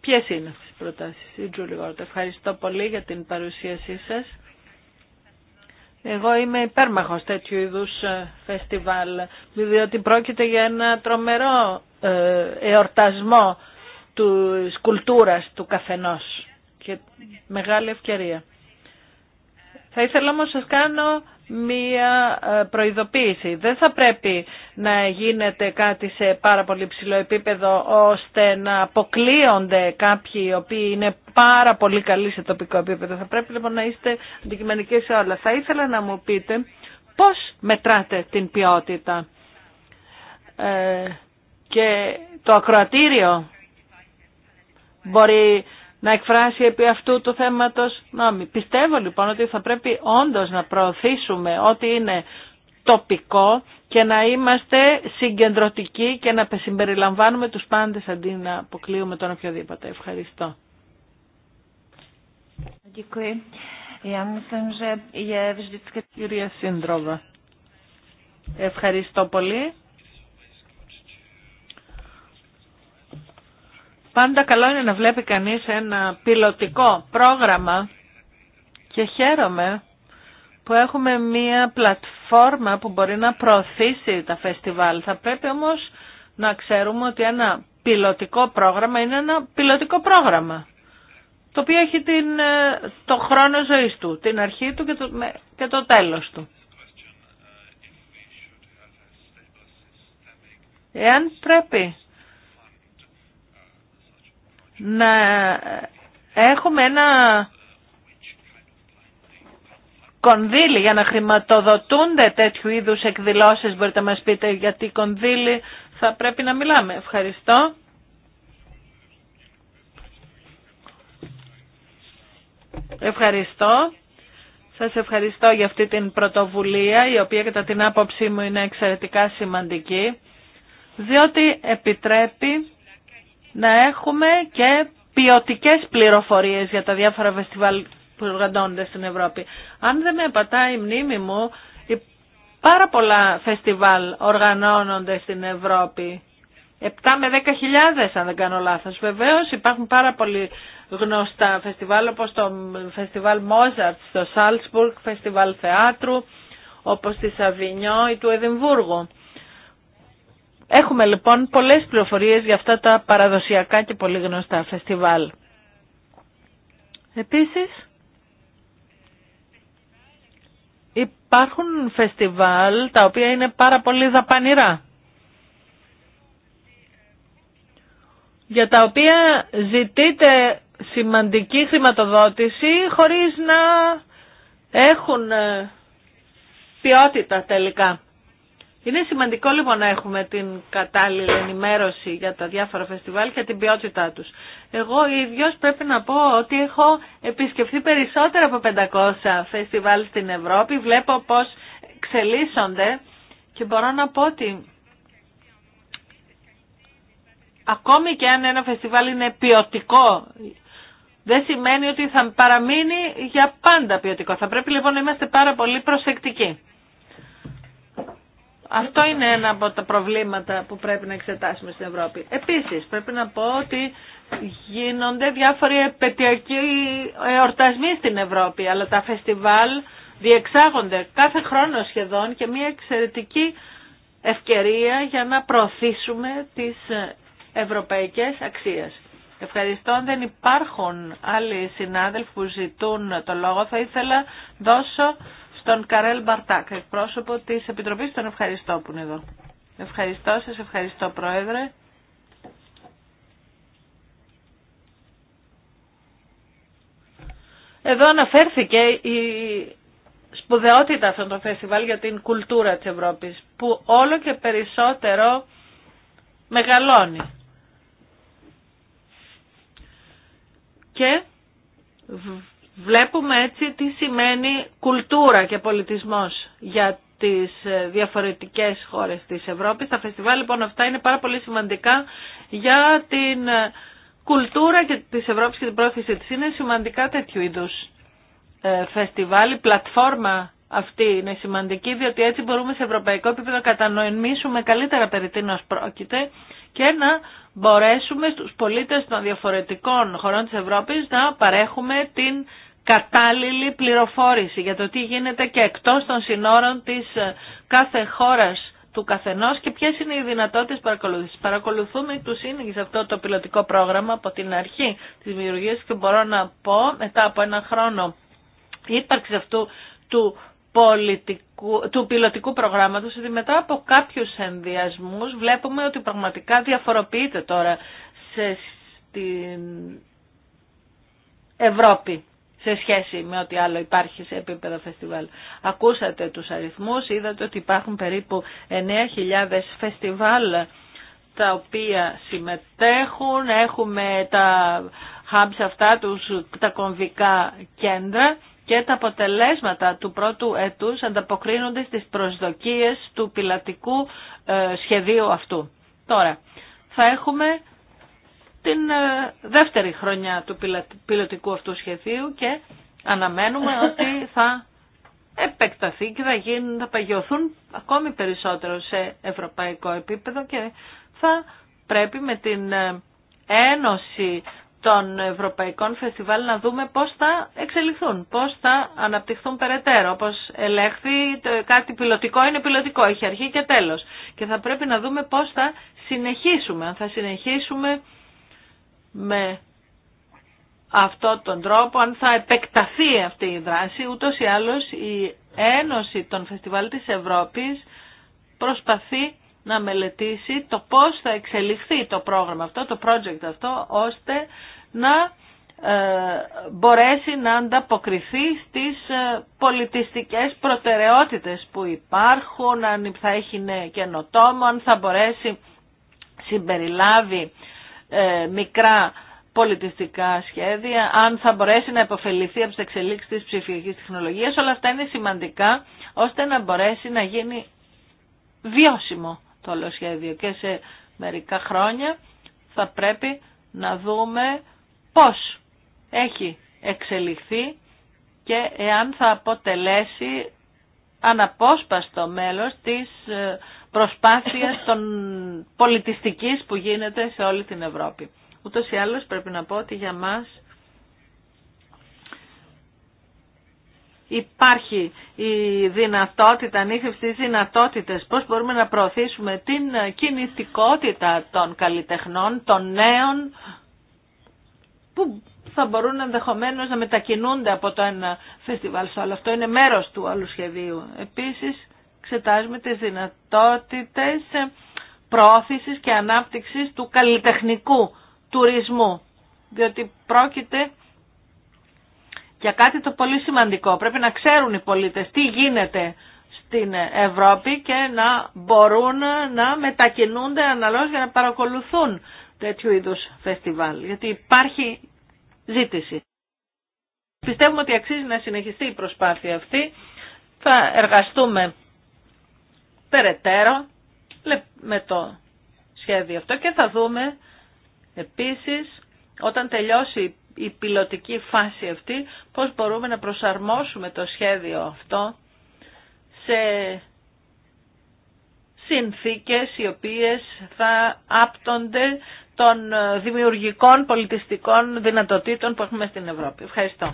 S2: ποιες είναι προτάσεις. Η ευχαριστώ πολύ για την παρουσίασή σας. Εγώ είμαι υπέρμαχος τέτοιου είδους ε, φεστιβάλ, διότι πρόκειται για ένα τρομερό ε, εορτασμό του κουλτούρας του καθενός και μεγάλη ευκαιρία. Θα ήθελα όμως να κάνω μία ε, προειδοποίηση. Δεν θα πρέπει να γίνεται κάτι σε πάρα πολύ ψηλό επίπεδο ώστε να αποκλείονται κάποιοι οι οποίοι είναι πάρα πολύ καλοί σε τοπικό επίπεδο. Θα πρέπει λοιπόν να είστε αντικειμενικοί σε όλα. Θα ήθελα να μου πείτε πώς μετράτε την ποιότητα ε,
S1: και το ακροατήριο μπορεί να
S2: εκφράσει επί αυτού του θέματος νόμι. Πιστεύω λοιπόν ότι θα πρέπει όντως να προωθήσουμε ό,τι είναι τοπικό και να είμαστε συγκεντρωτικοί και να συμπεριλαμβάνουμε τους πάντες αντί να αποκλείουμε τον οποιοδήποτε. Ευχαριστώ. Κυρία ευχαριστώ πολύ. Πάντα καλό είναι να βλέπει κανείς ένα πιλωτικό πρόγραμμα και χαίρομαι που έχουμε μία πλατφόρμα που μπορεί να προωθήσει τα φεστιβάλ. Θα πρέπει όμως να ξέρουμε ότι ένα πιλωτικό πρόγραμμα είναι ένα πιλωτικό πρόγραμμα το οποίο έχει την, ε, το χρόνο ζωής του, την αρχή του και το, και το τέλος του. Εάν πρέπει να έχουμε ένα κονδύλι για να χρηματοδοτούνται τέτοιου είδους εκδηλώσεις. Μπορείτε να μας πείτε γιατί κονδύλι θα πρέπει να μιλάμε. Ευχαριστώ. Ευχαριστώ. Σας ευχαριστώ για αυτή την
S1: πρωτοβουλία, η οποία κατά την άποψή μου είναι εξαιρετικά σημαντική,
S2: διότι επιτρέπει να έχουμε και ποιοτικέ πληροφορίες για τα διάφορα φεστιβάλ που οργανώνονται στην Ευρώπη. Αν δεν με πατάει η μνήμη μου, πάρα πολλά φεστιβάλ οργανώνονται στην Ευρώπη. 7 με 10.000 αν δεν κάνω λάθος. Βεβαίως υπάρχουν πάρα πολλοί γνωστά φεστιβάλ όπως το φεστιβάλ Mozart στο Salzburg, φεστιβάλ θεάτρου όπως τη Σαββινιό ή του Εδιμβούργου. Έχουμε λοιπόν πολλές πληροφορίες για αυτά τα παραδοσιακά και πολύ γνωστά φεστιβάλ. Επίσης, υπάρχουν φεστιβάλ τα οποία είναι πάρα πολύ δαπανηρά. Για τα οποία ζητείτε σημαντική χρηματοδότηση χωρίς να έχουν ε, ποιότητα τελικά. Είναι σημαντικό λοιπόν να έχουμε την κατάλληλη ενημέρωση για τα διάφορα φεστιβάλ και την ποιότητά τους. Εγώ ίδιος πρέπει να πω ότι έχω επισκεφθεί περισσότερα από 500 φεστιβάλ στην Ευρώπη. Βλέπω πώς εξελίσσονται και μπορώ να πω ότι ακόμη και αν ένα φεστιβάλ είναι ποιοτικό δεν σημαίνει ότι θα παραμείνει για πάντα ποιοτικό. Θα πρέπει λοιπόν να είμαστε πάρα πολύ προσεκτικοί. Αυτό είναι ένα από τα προβλήματα που πρέπει να εξετάσουμε στην Ευρώπη. Επίσης, πρέπει να πω ότι γίνονται διάφοροι επαιτειακοί εορτασμοί στην Ευρώπη, αλλά τα φεστιβάλ διεξάγονται κάθε χρόνο σχεδόν και μια εξαιρετική ευκαιρία για να προωθήσουμε τις ευρωπαϊκές αξίες. Ευχαριστώ. δεν υπάρχουν άλλοι συνάδελφοι που ζητούν το λόγο, θα ήθελα δώσω τον Καρέλ Μπαρτάκ, εκπρόσωπο της Επιτροπής των Ευχαριστώ που εδώ. Ευχαριστώ σας, ευχαριστώ Πρόεδρε. Εδώ αναφέρθηκε η σπουδαιότητα αυτών των φεστιβάλ για την κουλτούρα της Ευρώπης, που όλο και περισσότερο μεγαλώνει. Και Βλέπουμε έτσι τι σημαίνει κουλτούρα και πολιτισμός για τις ε, διαφορετικές χώρες της Ευρώπης. Τα φεστιβάλ λοιπόν αυτά είναι πάρα πολύ σημαντικά για την ε, κουλτούρα και της Ευρώπης και την πρόθεση της. Είναι σημαντικά τέτοιου είδους ε, φεστιβάλ, η πλατφόρμα αυτή είναι σημαντική διότι έτσι μπορούμε σε ευρωπαϊκό επίπεδο να κατανοημίσουμε καλύτερα περί τίνος πρόκειται και να μπορέσουμε στους πολίτες των διαφορετικών χωρών της Ευρώπης να παρέχουμε την κατάλληλη πληροφόρηση για το τι γίνεται και εκτός των συνόρων της ε, κάθε χώρας του καθενός και ποιες είναι οι δυνατότητες παρακολούθησης. Παρακολουθούμε τους είναι σε αυτό το πιλωτικό πρόγραμμα από την αρχή της δημιουργίας και μπορώ να πω μετά από ένα χρόνο ύπαρξη αυτού του πολιτικού, του πιλωτικού προγράμματος ότι μετά από κάποιους ενδιασμούς βλέπουμε ότι πραγματικά διαφοροποιείται τώρα σε, στην Ευρώπη σε σχέση με ό,τι άλλο υπάρχει σε επίπεδο φεστιβάλ. Ακούσατε τους αριθμούς, είδατε ότι υπάρχουν περίπου 9.000 φεστιβάλ τα οποία συμμετέχουν, έχουμε τα hubs αυτά, τους, τα κομβικά κέντρα και τα αποτελέσματα του πρώτου ετούς ανταποκρίνονται στις προσδοκίες του πιλατικού ε, σχεδίου αυτού. Τώρα, θα έχουμε την ε, δεύτερη χρονιά του πιλωτικού αυτού σχεδίου και αναμένουμε ότι θα επεκταθεί και θα, γίνουν, θα παγιωθούν ακόμη περισσότερο σε ευρωπαϊκό επίπεδο και θα πρέπει με την ε, ένωση των ευρωπαϊκών φεστιβάλ να δούμε πώς θα εξελιχθούν, πώς θα αναπτυχθούν περαιτέρω. Όπως ελέγχθη, κάτι πιλωτικό είναι πιλωτικό, έχει αρχή και τέλος. Και θα πρέπει να δούμε πώς θα συνεχίσουμε, αν θα συνεχίσουμε με αυτό τον τρόπο, αν θα επεκταθεί αυτή η δράση, ούτως ή άλλως η Ένωση των Φεστιβάλ της Ευρώπης προσπαθεί να μελετήσει το πώς θα εξελιχθεί το πρόγραμμα αυτό, το project αυτό, ώστε να ε, μπορέσει να ανταποκριθεί στις ε, πολιτιστικές προτεραιότητες που υπάρχουν, αν θα έχει ναι, καινοτόμο, αν θα μπορέσει συμπεριλάβει ε, μικρά πολιτιστικά σχέδια, αν θα μπορέσει να επωφεληθεί από τι εξελίξει τη ψηφιακή τεχνολογία. Όλα αυτά είναι σημαντικά ώστε να μπορέσει να γίνει βιώσιμο το όλο σχέδιο και σε μερικά χρόνια θα πρέπει να δούμε πώς έχει εξελιχθεί και εάν θα αποτελέσει αναπόσπαστο μέλος της ε, προσπάθειας των πολιτιστικής που γίνεται σε όλη την Ευρώπη. Ούτως ή άλλως πρέπει να πω ότι για μας υπάρχει η δυνατότητα, ανήθευση στις δυνατότητες, πώς μπορούμε να προωθήσουμε την κινητικότητα των καλλιτεχνών, των νέων, που θα μπορούν ενδεχομένω να μετακινούνται από το ένα φεστιβάλ στο άλλο. Αυτό είναι μέρος του άλλου σχεδίου. Επίσης, εξετάζουμε τις δυνατότητες πρόθεσης και ανάπτυξης του καλλιτεχνικού τουρισμού. Διότι πρόκειται για κάτι το πολύ σημαντικό. Πρέπει να ξέρουν οι πολίτες τι γίνεται στην Ευρώπη και να μπορούν να μετακινούνται αναλόγως για να παρακολουθούν τέτοιου είδους φεστιβάλ. Γιατί υπάρχει ζήτηση. Πιστεύουμε ότι αξίζει να συνεχιστεί η προσπάθεια αυτή. Θα εργαστούμε περαιτέρω με το σχέδιο αυτό και θα δούμε επίσης όταν τελειώσει η πιλωτική φάση αυτή πώς μπορούμε να προσαρμόσουμε το σχέδιο αυτό σε συνθήκες οι οποίες θα άπτονται των ε, δημιουργικών πολιτιστικών δυνατοτήτων που έχουμε στην Ευρώπη. Ευχαριστώ.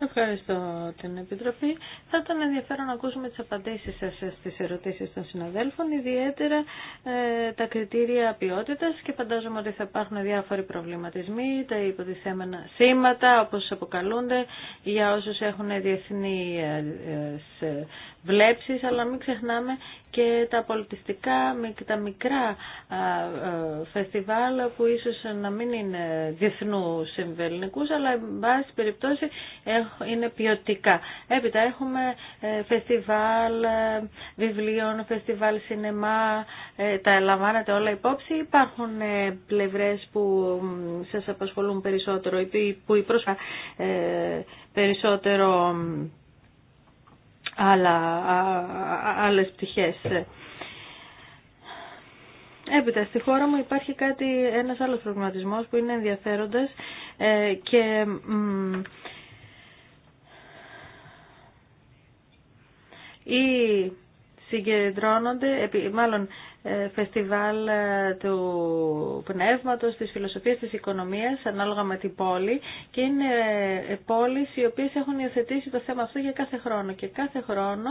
S2: Ευχαριστώ την Επιτροπή. Θα ήταν ενδιαφέρον να ακούσουμε τις απαντήσεις σας στις ερωτήσεις των συναδέλφων, ιδιαίτερα ε, τα κριτήρια ποιότητας και φαντάζομαι ότι θα υπάρχουν διάφοροι προβληματισμοί, τα υποτιθέμενα σήματα όπως αποκαλούνται για όσους έχουν διεθνεί ε, βλέψεις, αλλά μην ξεχνάμε και τα πολιτιστικά, τα μικρά φεστιβάλ που ίσως να μην είναι διεθνού συμβελνικούς αλλά εν πάση περιπτώσει είναι ποιοτικά. Έπειτα έχουμε ε, φεστιβάλ ε, βιβλίων, φεστιβάλ σινεμά, ε, τα ελαμβάνετε όλα υπόψη. Υπάρχουν πλευρές που σας απασχολούν περισσότερο, ή που περισσότερο άλλα, άλλες πτυχές. Ε. Έπειτα, στη χώρα μου υπάρχει κάτι, ένας άλλος προβληματισμός που είναι ενδιαφέροντας ε, και ή συγκεντρώνονται, μάλλον ε, φεστιβάλ ε, του πνεύματος, της φιλοσοφίας, της οικονομίας ανάλογα με την πόλη και είναι ε, πόλεις οι οποίες έχουν υιοθετήσει το θέμα αυτό για κάθε χρόνο και κάθε χρόνο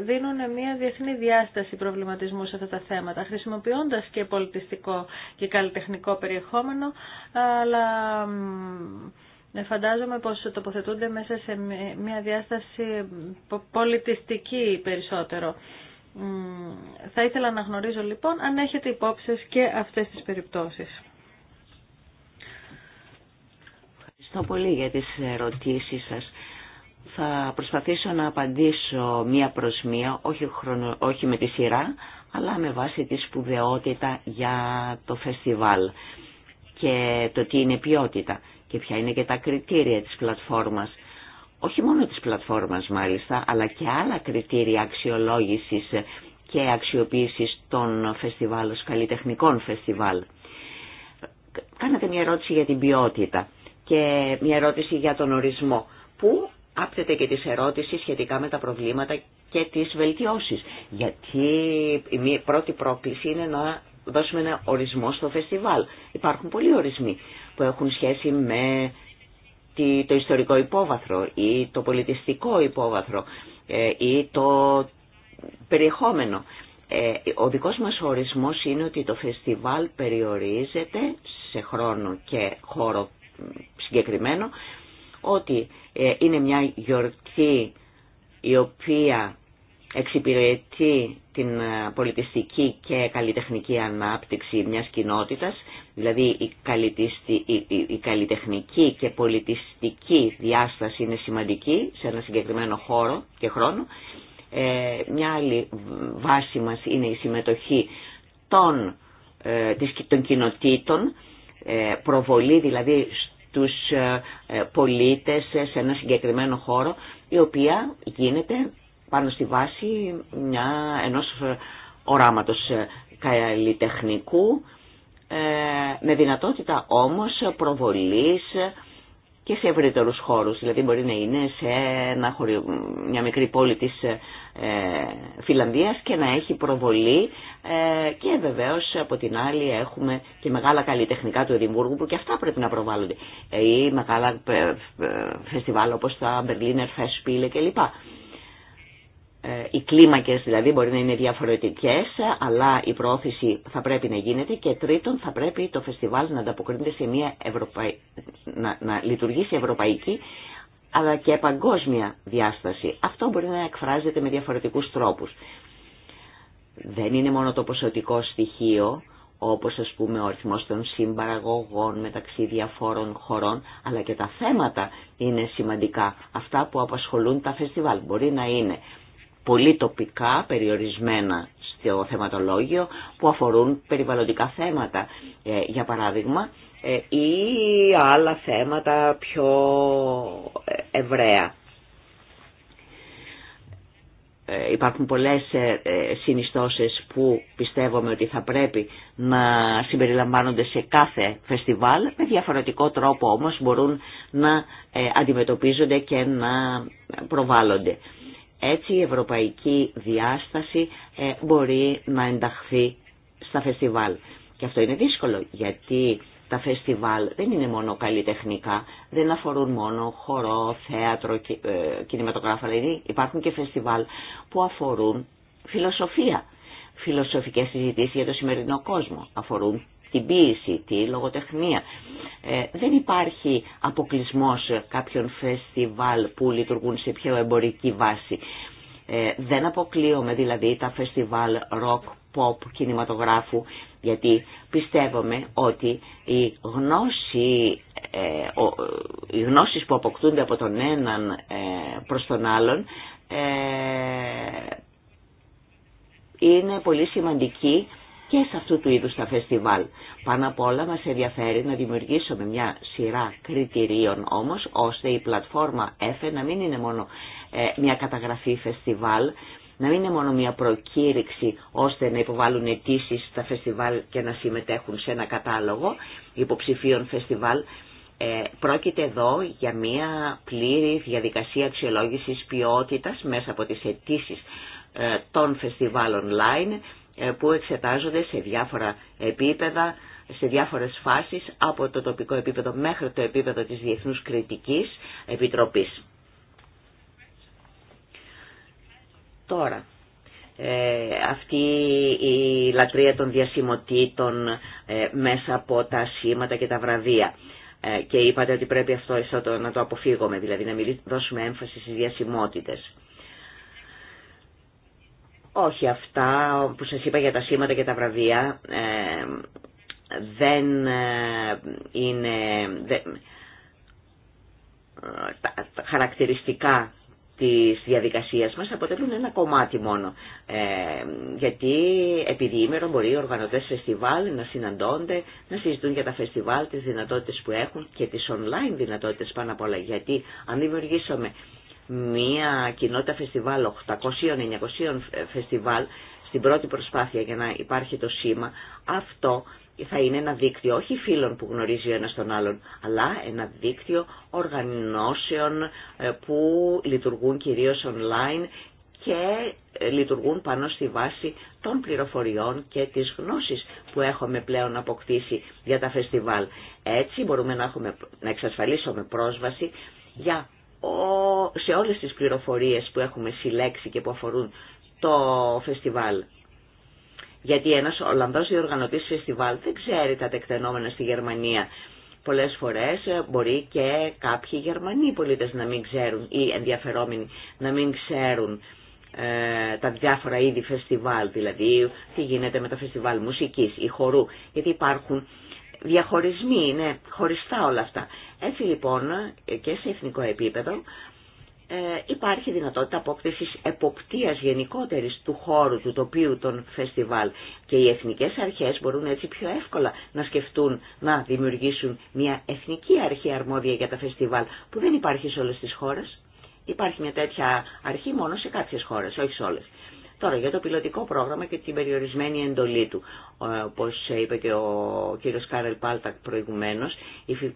S2: δίνουν μια διεθνή διάσταση προβληματισμού σε αυτά τα θέματα χρησιμοποιώντας και πολιτιστικό και καλλιτεχνικό περιεχόμενο αλλά φαντάζομαι πως τοποθετούνται μέσα σε μια διάσταση πολιτιστική περισσότερο. Θα ήθελα να γνωρίζω λοιπόν αν έχετε υπόψη και αυτές τις περιπτώσεις.
S3: Ευχαριστώ πολύ για τις ερωτήσεις σας. Θα προσπαθήσω να απαντήσω μία προς μία, όχι, όχι με τη σειρά, αλλά με βάση τη σπουδαιότητα για το φεστιβάλ και το τι είναι ποιότητα και ποια είναι και τα κριτήρια της πλατφόρμας όχι μόνο της πλατφόρμας μάλιστα, αλλά και άλλα κριτήρια αξιολόγησης και αξιοποίησης των φεστιβάλ, καλλιτεχνικών φεστιβάλ. Κάνατε μια ερώτηση για την ποιότητα και μια ερώτηση για τον ορισμό, που άπτεται και τις ερωτήσεις σχετικά με τα προβλήματα και τις βελτιώσεις. Γιατί η πρώτη πρόκληση είναι να δώσουμε ένα ορισμό στο φεστιβάλ. Υπάρχουν πολλοί ορισμοί που έχουν σχέση με το ιστορικό υπόβαθρο ή το πολιτιστικό υπόβαθρο ε, ή το περιεχόμενο. Ε, ο δικός μας ορισμός είναι ότι το φεστιβάλ περιορίζεται σε χρόνο και χώρο συγκεκριμένο ότι ε, είναι μια γιορτή η οποία εξυπηρετεί την ε, πολιτιστική και καλλιτεχνική ανάπτυξη μιας κοινότητας, δηλαδή η, η, η καλλιτεχνική και πολιτιστική διάσταση είναι σημαντική σε ένα συγκεκριμένο χώρο και χρόνο. Ε, μια άλλη βάση μας είναι η συμμετοχή των, ε, των κοινοτήτων, ε, προβολή δηλαδή τους πολίτες σε ένα συγκεκριμένο χώρο, η οποία γίνεται πάνω στη βάση μια, ενός οράματος ε, καλλιτεχνικού ε, με δυνατότητα όμως προβολής και σε ευρύτερου χώρους. Δηλαδή μπορεί να είναι σε μια μικρή πόλη της ε, Φιλανδίας και να έχει προβολή ε, και βεβαίως από την άλλη έχουμε και μεγάλα καλλιτεχνικά του Εδιμβούργου που και αυτά πρέπει να προβάλλονται. Ή μεγάλα φεστιβάλ όπως τα Berliner Festspiele κλπ. Ε, οι κλίμακες δηλαδή μπορεί να είναι διαφορετικές, αλλά η πρόθεση θα πρέπει να γίνεται και τρίτον θα πρέπει το φεστιβάλ να ανταποκρίνεται σε μια να, να λειτουργήσει ευρωπαϊκή αλλά και παγκόσμια διάσταση. Αυτό μπορεί να εκφράζεται με διαφορετικούς τρόπους. Δεν είναι μόνο το ποσοτικό στοιχείο, όπως ας πούμε ο αριθμός των συμπαραγωγών μεταξύ διαφόρων χωρών, αλλά και τα θέματα είναι σημαντικά, αυτά που απασχολούν τα φεστιβάλ. Μπορεί να είναι πολύ τοπικά, περιορισμένα στο θεματολόγιο, που αφορούν περιβαλλοντικά θέματα, ε, για παράδειγμα, ε, ή άλλα θέματα πιο ε, ευραία. Υπάρχουν πολλές συνιστώσεις που πιστεύουμε ότι θα πρέπει να συμπεριλαμβάνονται σε κάθε φεστιβάλ, με διαφορετικό τρόπο όμως μπορούν να αντιμετωπίζονται και να προβάλλονται. Έτσι η ευρωπαϊκή διάσταση ε, μπορεί να ενταχθεί στα φεστιβάλ. Και αυτό είναι δύσκολο γιατί τα φεστιβάλ δεν είναι μόνο καλλιτεχνικά, δεν αφορούν μόνο χορό, θέατρο, ε, κινηματογράφα, δηλαδή υπάρχουν και φεστιβάλ που αφορούν φιλοσοφία, φιλοσοφικές συζητήσεις για το σημερινό κόσμο, αφορούν την ποίηση, τη λογοτεχνία. Ε, δεν υπάρχει αποκλεισμό κάποιων φεστιβάλ που λειτουργούν σε πιο εμπορική βάση. Ε, δεν αποκλείομαι δηλαδή τα φεστιβάλ rock, pop, κινηματογράφου, γιατί πιστεύουμε ότι η γνώση, ε, οι γνώσεις που αποκτούνται από τον έναν ε, προς τον άλλον ε, είναι πολύ σημαντική και σε αυτού του είδους τα φεστιβάλ. Πάνω απ' όλα μας ενδιαφέρει να δημιουργήσουμε μια σειρά κριτηρίων όμως, ώστε η πλατφόρμα ΕΦΕ να μην είναι μόνο ε, μια καταγραφή φεστιβάλ, να μην είναι μόνο μια προκήρυξη ώστε να υποβάλουν αιτήσει στα φεστιβάλ και να συμμετέχουν σε ένα κατάλογο υποψηφίων φεστιβάλ. Ε, πρόκειται εδώ για μια πλήρη διαδικασία αξιολόγησης ποιότητας μέσα από τις αιτήσει ε, των φεστιβάλ online ε, που εξετάζονται σε διάφορα επίπεδα, σε διάφορες φάσεις από το τοπικό επίπεδο μέχρι το επίπεδο της Διεθνούς Κριτικής Επιτροπής. Τώρα, ε, αυτή η λατρεία των διασημοτήτων ε, μέσα από τα σήματα και τα βραβεία ε, και είπατε ότι πρέπει αυτό να το αποφύγουμε, δηλαδή να μην δώσουμε έμφαση στις διασημότητες. Όχι, αυτά που σας είπα για τα σήματα και τα βραβεία ε, δεν ε, είναι τα, χαρακτηριστικά της διαδικασίας μας αποτελούν ένα κομμάτι μόνο. Ε, γιατί ήμερο μπορεί οι οργανωτές φεστιβάλ να συναντώνται, να συζητούν για τα φεστιβάλ, τις δυνατότητες που έχουν και τις online δυνατότητες πάνω απ' όλα. Γιατί αν δημιουργήσουμε μια κοινότητα φεστιβάλ, 800-900 φεστιβάλ, στην πρώτη προσπάθεια για να υπάρχει το σήμα, αυτό θα είναι ένα δίκτυο όχι φίλων που γνωρίζει ο ένας τον άλλον, αλλά ένα δίκτυο οργανώσεων ε, που λειτουργούν κυρίως online και ε, λειτουργούν πάνω στη βάση των πληροφοριών και της γνώσης που έχουμε πλέον αποκτήσει για τα φεστιβάλ. Έτσι μπορούμε να, να εξασφαλίσουμε πρόσβαση για σε όλες τις πληροφορίες που έχουμε συλλέξει και που αφορούν το φεστιβάλ. Γιατί ένας Ολλανδός διοργανωτής φεστιβάλ δεν ξέρει τα τεκτενόμενα στη Γερμανία. Πολλές φορές μπορεί και κάποιοι Γερμανοί πολίτες να μην ξέρουν ή ενδιαφερόμενοι να μην ξέρουν ε, τα διάφορα είδη φεστιβάλ, δηλαδή τι γίνεται με τα φεστιβάλ μουσικής ή χορού, γιατί υπάρχουν διαχωρισμοί, είναι χωριστά όλα αυτά. Έτσι λοιπόν και σε εθνικό επίπεδο ε, υπάρχει δυνατότητα απόκτησης εποπτείας γενικότερης του χώρου, του τοπίου των φεστιβάλ και οι εθνικές αρχές μπορούν έτσι πιο εύκολα να σκεφτούν να δημιουργήσουν μια εθνική αρχή αρμόδια για τα φεστιβάλ που δεν υπάρχει σε όλες τις χώρες. Υπάρχει μια τέτοια αρχή μόνο σε κάποιες χώρες, όχι σε όλες. Τώρα για το πιλωτικό πρόγραμμα και την περιορισμένη εντολή του. όπω είπε και ο κύριος Κάρελ Πάλτακ προηγουμένω,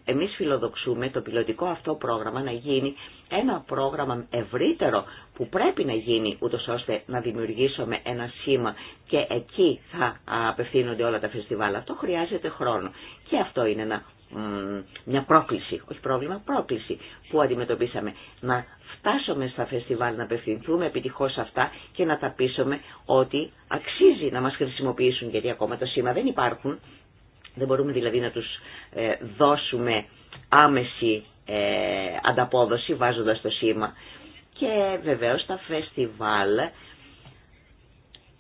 S3: εμείς φιλοδοξούμε το πιλωτικό αυτό πρόγραμμα να γίνει ένα πρόγραμμα ευρύτερο που πρέπει να γίνει ούτω ώστε να δημιουργήσουμε ένα σήμα και εκεί θα απευθύνονται όλα τα φεστιβάλ. Αυτό χρειάζεται χρόνο. Και αυτό είναι ένα μια πρόκληση, όχι πρόβλημα, πρόκληση που αντιμετωπίσαμε. Να φτάσουμε στα φεστιβάλ, να απευθυνθούμε επιτυχώς αυτά και να τα πείσουμε ότι αξίζει να μας χρησιμοποιήσουν γιατί ακόμα το σήμα δεν υπάρχουν. Δεν μπορούμε δηλαδή να τους ε, δώσουμε άμεση ε, ανταπόδοση βάζοντα το σήμα. Και βεβαίω τα φεστιβάλ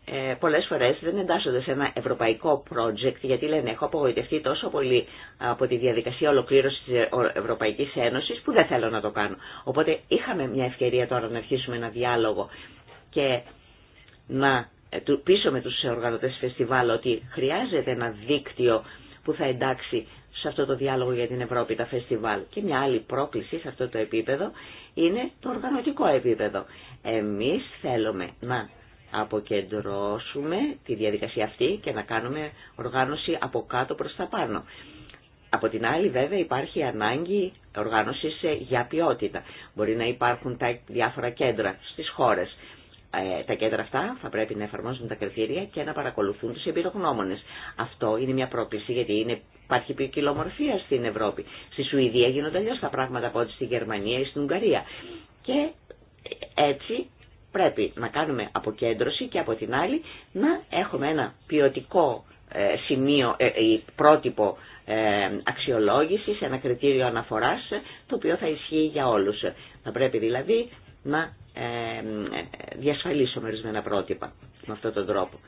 S3: ε, πολλές φορές δεν εντάσσονται σε ένα ευρωπαϊκό project γιατί λένε έχω απογοητευτεί τόσο πολύ από τη διαδικασία ολοκλήρωσης της Ευρωπαϊκής Ένωσης που δεν θέλω να το κάνω. Οπότε είχαμε μια ευκαιρία τώρα να αρχίσουμε ένα διάλογο και να ε, πείσουμε με τους οργανωτές φεστιβάλ ότι χρειάζεται ένα δίκτυο που θα εντάξει σε αυτό το διάλογο για την Ευρώπη τα φεστιβάλ. Και μια άλλη πρόκληση σε αυτό το επίπεδο είναι το οργανωτικό επίπεδο. Εμείς θέλουμε να αποκεντρώσουμε τη διαδικασία αυτή και να κάνουμε οργάνωση από κάτω προς τα πάνω. Από την άλλη βέβαια υπάρχει ανάγκη οργάνωσης ε, για ποιότητα. Μπορεί να υπάρχουν τα διάφορα κέντρα στις χώρες. Ε, τα κέντρα αυτά θα πρέπει να εφαρμόζουν τα κριτήρια και να παρακολουθούν τους εμπειρογνώμονες. Αυτό είναι μια πρόκληση γιατί είναι, υπάρχει ποικιλομορφία στην Ευρώπη. Στη Σουηδία γίνονται αλλιώ τα πράγματα από ό,τι στη Γερμανία ή στην Ουγγαρία. Και έτσι πρέπει να κάνουμε αποκέντρωση και από την άλλη να έχουμε ένα ποιοτικό ε, σημείο, ε, ε, πρότυπο αξιολόγησης, ένα κριτήριο αναφοράς, το οποίο θα ισχύει για όλους. Θα πρέπει δηλαδή να διασφαλίσουμε ορισμένα πρότυπα με αυτόν τον τρόπο.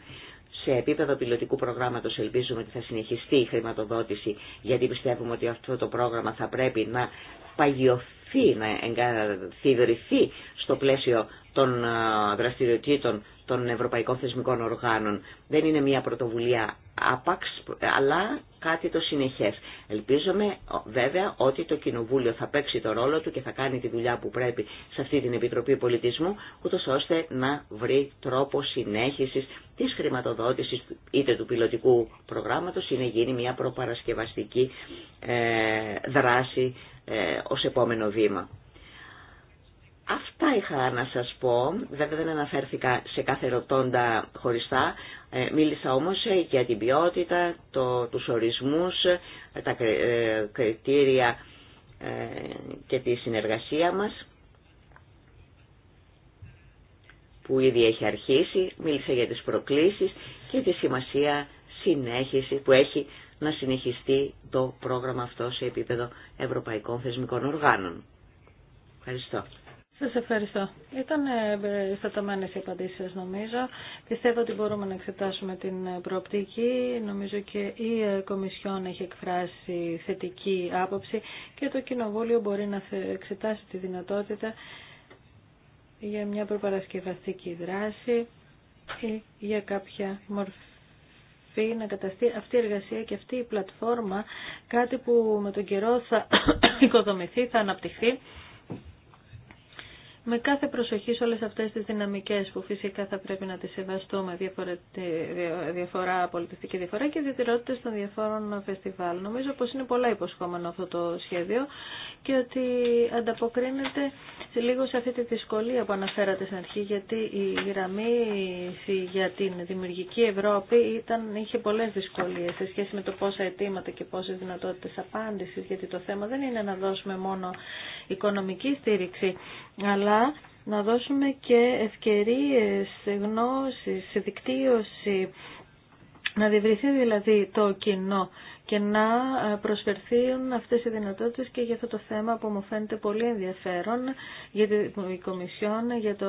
S3: Σε επίπεδο πιλωτικού προγράμματο ελπίζουμε ότι θα συνεχιστεί η χρηματοδότηση γιατί πιστεύουμε ότι αυτό το πρόγραμμα θα πρέπει να παγιωθεί να εγκαθιδρυθεί στο πλαίσιο των ε, δραστηριοτήτων των Ευρωπαϊκών Θεσμικών Οργάνων. Δεν είναι μια πρωτοβουλία άπαξ, αλλά κάτι το συνεχές. Ελπίζομαι βέβαια ότι το Κοινοβούλιο θα παίξει το ρόλο του και θα κάνει τη δουλειά που πρέπει σε αυτή την Επιτροπή Πολιτισμού, ούτω ώστε να βρει τρόπο συνέχισης της χρηματοδότησης είτε του πιλωτικού προγράμματος ή γίνει μια προπαρασκευαστική ε, δράση ε, ως επόμενο βήμα. Αυτά είχα να σας πω, βέβαια δεν αναφέρθηκα σε κάθε ρωτώντα χωριστά, ε, μίλησα όμως ε, για την ποιότητα, το, τους ορισμούς, ε, τα κριτήρια και τη συνεργασία μας που ήδη έχει αρχίσει, μίλησα για τις προκλήσεις και τη σημασία συνέχιση που έχει να συνεχιστεί το πρόγραμμα αυτό σε επίπεδο ευρωπαϊκών θεσμικών οργάνων. Ευχαριστώ.
S2: Σα ευχαριστώ. Ήταν ε, περιστατωμένε οι απαντήσει σα, νομίζω. Πιστεύω ότι μπορούμε να εξετάσουμε την προοπτική. Νομίζω και η ε, Κομισιόν έχει εκφράσει θετική άποψη και το Κοινοβούλιο μπορεί να εξετάσει τη δυνατότητα για μια προπαρασκευαστική δράση ή για κάποια μορφή να καταστεί αυτή η εργασία και αυτή η πλατφόρμα κάτι που με τον καιρό θα οικοδομηθεί, θα αναπτυχθεί με κάθε προσοχή σε όλες αυτές τις δυναμικές που φυσικά θα πρέπει να τις σεβαστούμε διαφορά, πολιτιστική διαφορά και ιδιαιτερότητες των διαφόρων φεστιβάλ. Νομίζω πως είναι πολλά υποσχόμενο αυτό το σχέδιο και ότι ανταποκρίνεται σε λίγο σε αυτή τη δυσκολία που αναφέρατε στην αρχή γιατί η γραμμή για την δημιουργική Ευρώπη ήταν, είχε πολλές δυσκολίες σε σχέση με το πόσα αιτήματα και πόσες δυνατότητες απάντησης γιατί το θέμα δεν είναι να δώσουμε μόνο οικονομική στήριξη αλλά να δώσουμε και ευκαιρίες, γνώσεις, δικτύωση, να διευρυθεί δηλαδή το κοινό και να προσφερθούν αυτές οι δυνατότητες και για αυτό το θέμα που μου φαίνεται πολύ ενδιαφέρον για την Κομισιόν, για το...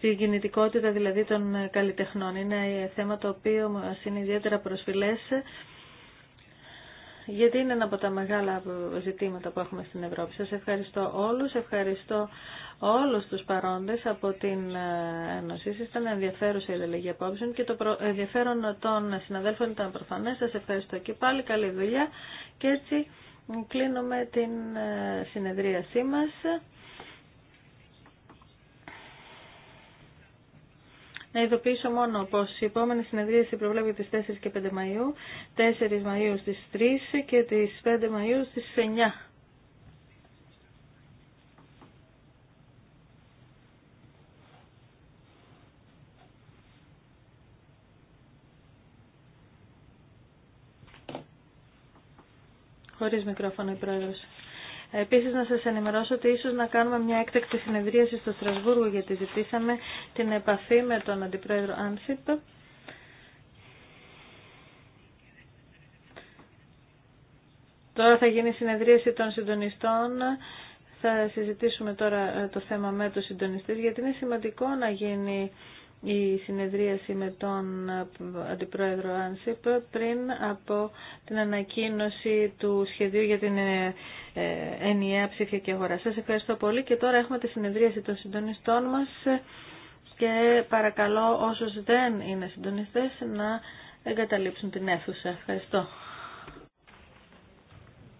S2: Την κινητικότητα δηλαδή των καλλιτεχνών είναι θέμα το οποίο μας είναι ιδιαίτερα προσφυλές γιατί είναι ένα από τα μεγάλα ζητήματα που έχουμε στην Ευρώπη. Σας ευχαριστώ όλους, ευχαριστώ όλους τους παρόντες από την ε, Ένωση. Ήταν ενδιαφέρουσα η δελεγή απόψεων και το ενδιαφέρον των συναδέλφων ήταν προφανές. Σας ευχαριστώ και πάλι, καλή δουλειά και έτσι κλείνουμε την ε, συνεδρίασή μας. Να ειδοποιήσω μόνο πω η επόμενη συνεδρίαση προβλέπει τι 4 και 5 Μαου, 4 Μαου στι 3 και τι 5 Μαου στι 9. Χωρίς μικρόφωνο η πρόεδρος. Επίσης να σας ενημερώσω ότι ίσως να κάνουμε μια έκτακτη συνεδρίαση στο Στρασβούργο γιατί ζητήσαμε την επαφή με τον Αντιπρόεδρο Άνσιπ. Τώρα θα γίνει η συνεδρίαση των συντονιστών. Θα συζητήσουμε τώρα το θέμα με τους συντονιστές γιατί είναι σημαντικό να γίνει η συνεδρίαση με τον Αντιπρόεδρο Άνσιπ πριν από την ανακοίνωση του σχεδίου για την ε, ε, ενιαία και αγορά. Σας ευχαριστώ πολύ και τώρα έχουμε τη συνεδρίαση των συντονιστών μας και παρακαλώ όσους δεν είναι συντονιστές να εγκαταλείψουν την αίθουσα. Ευχαριστώ.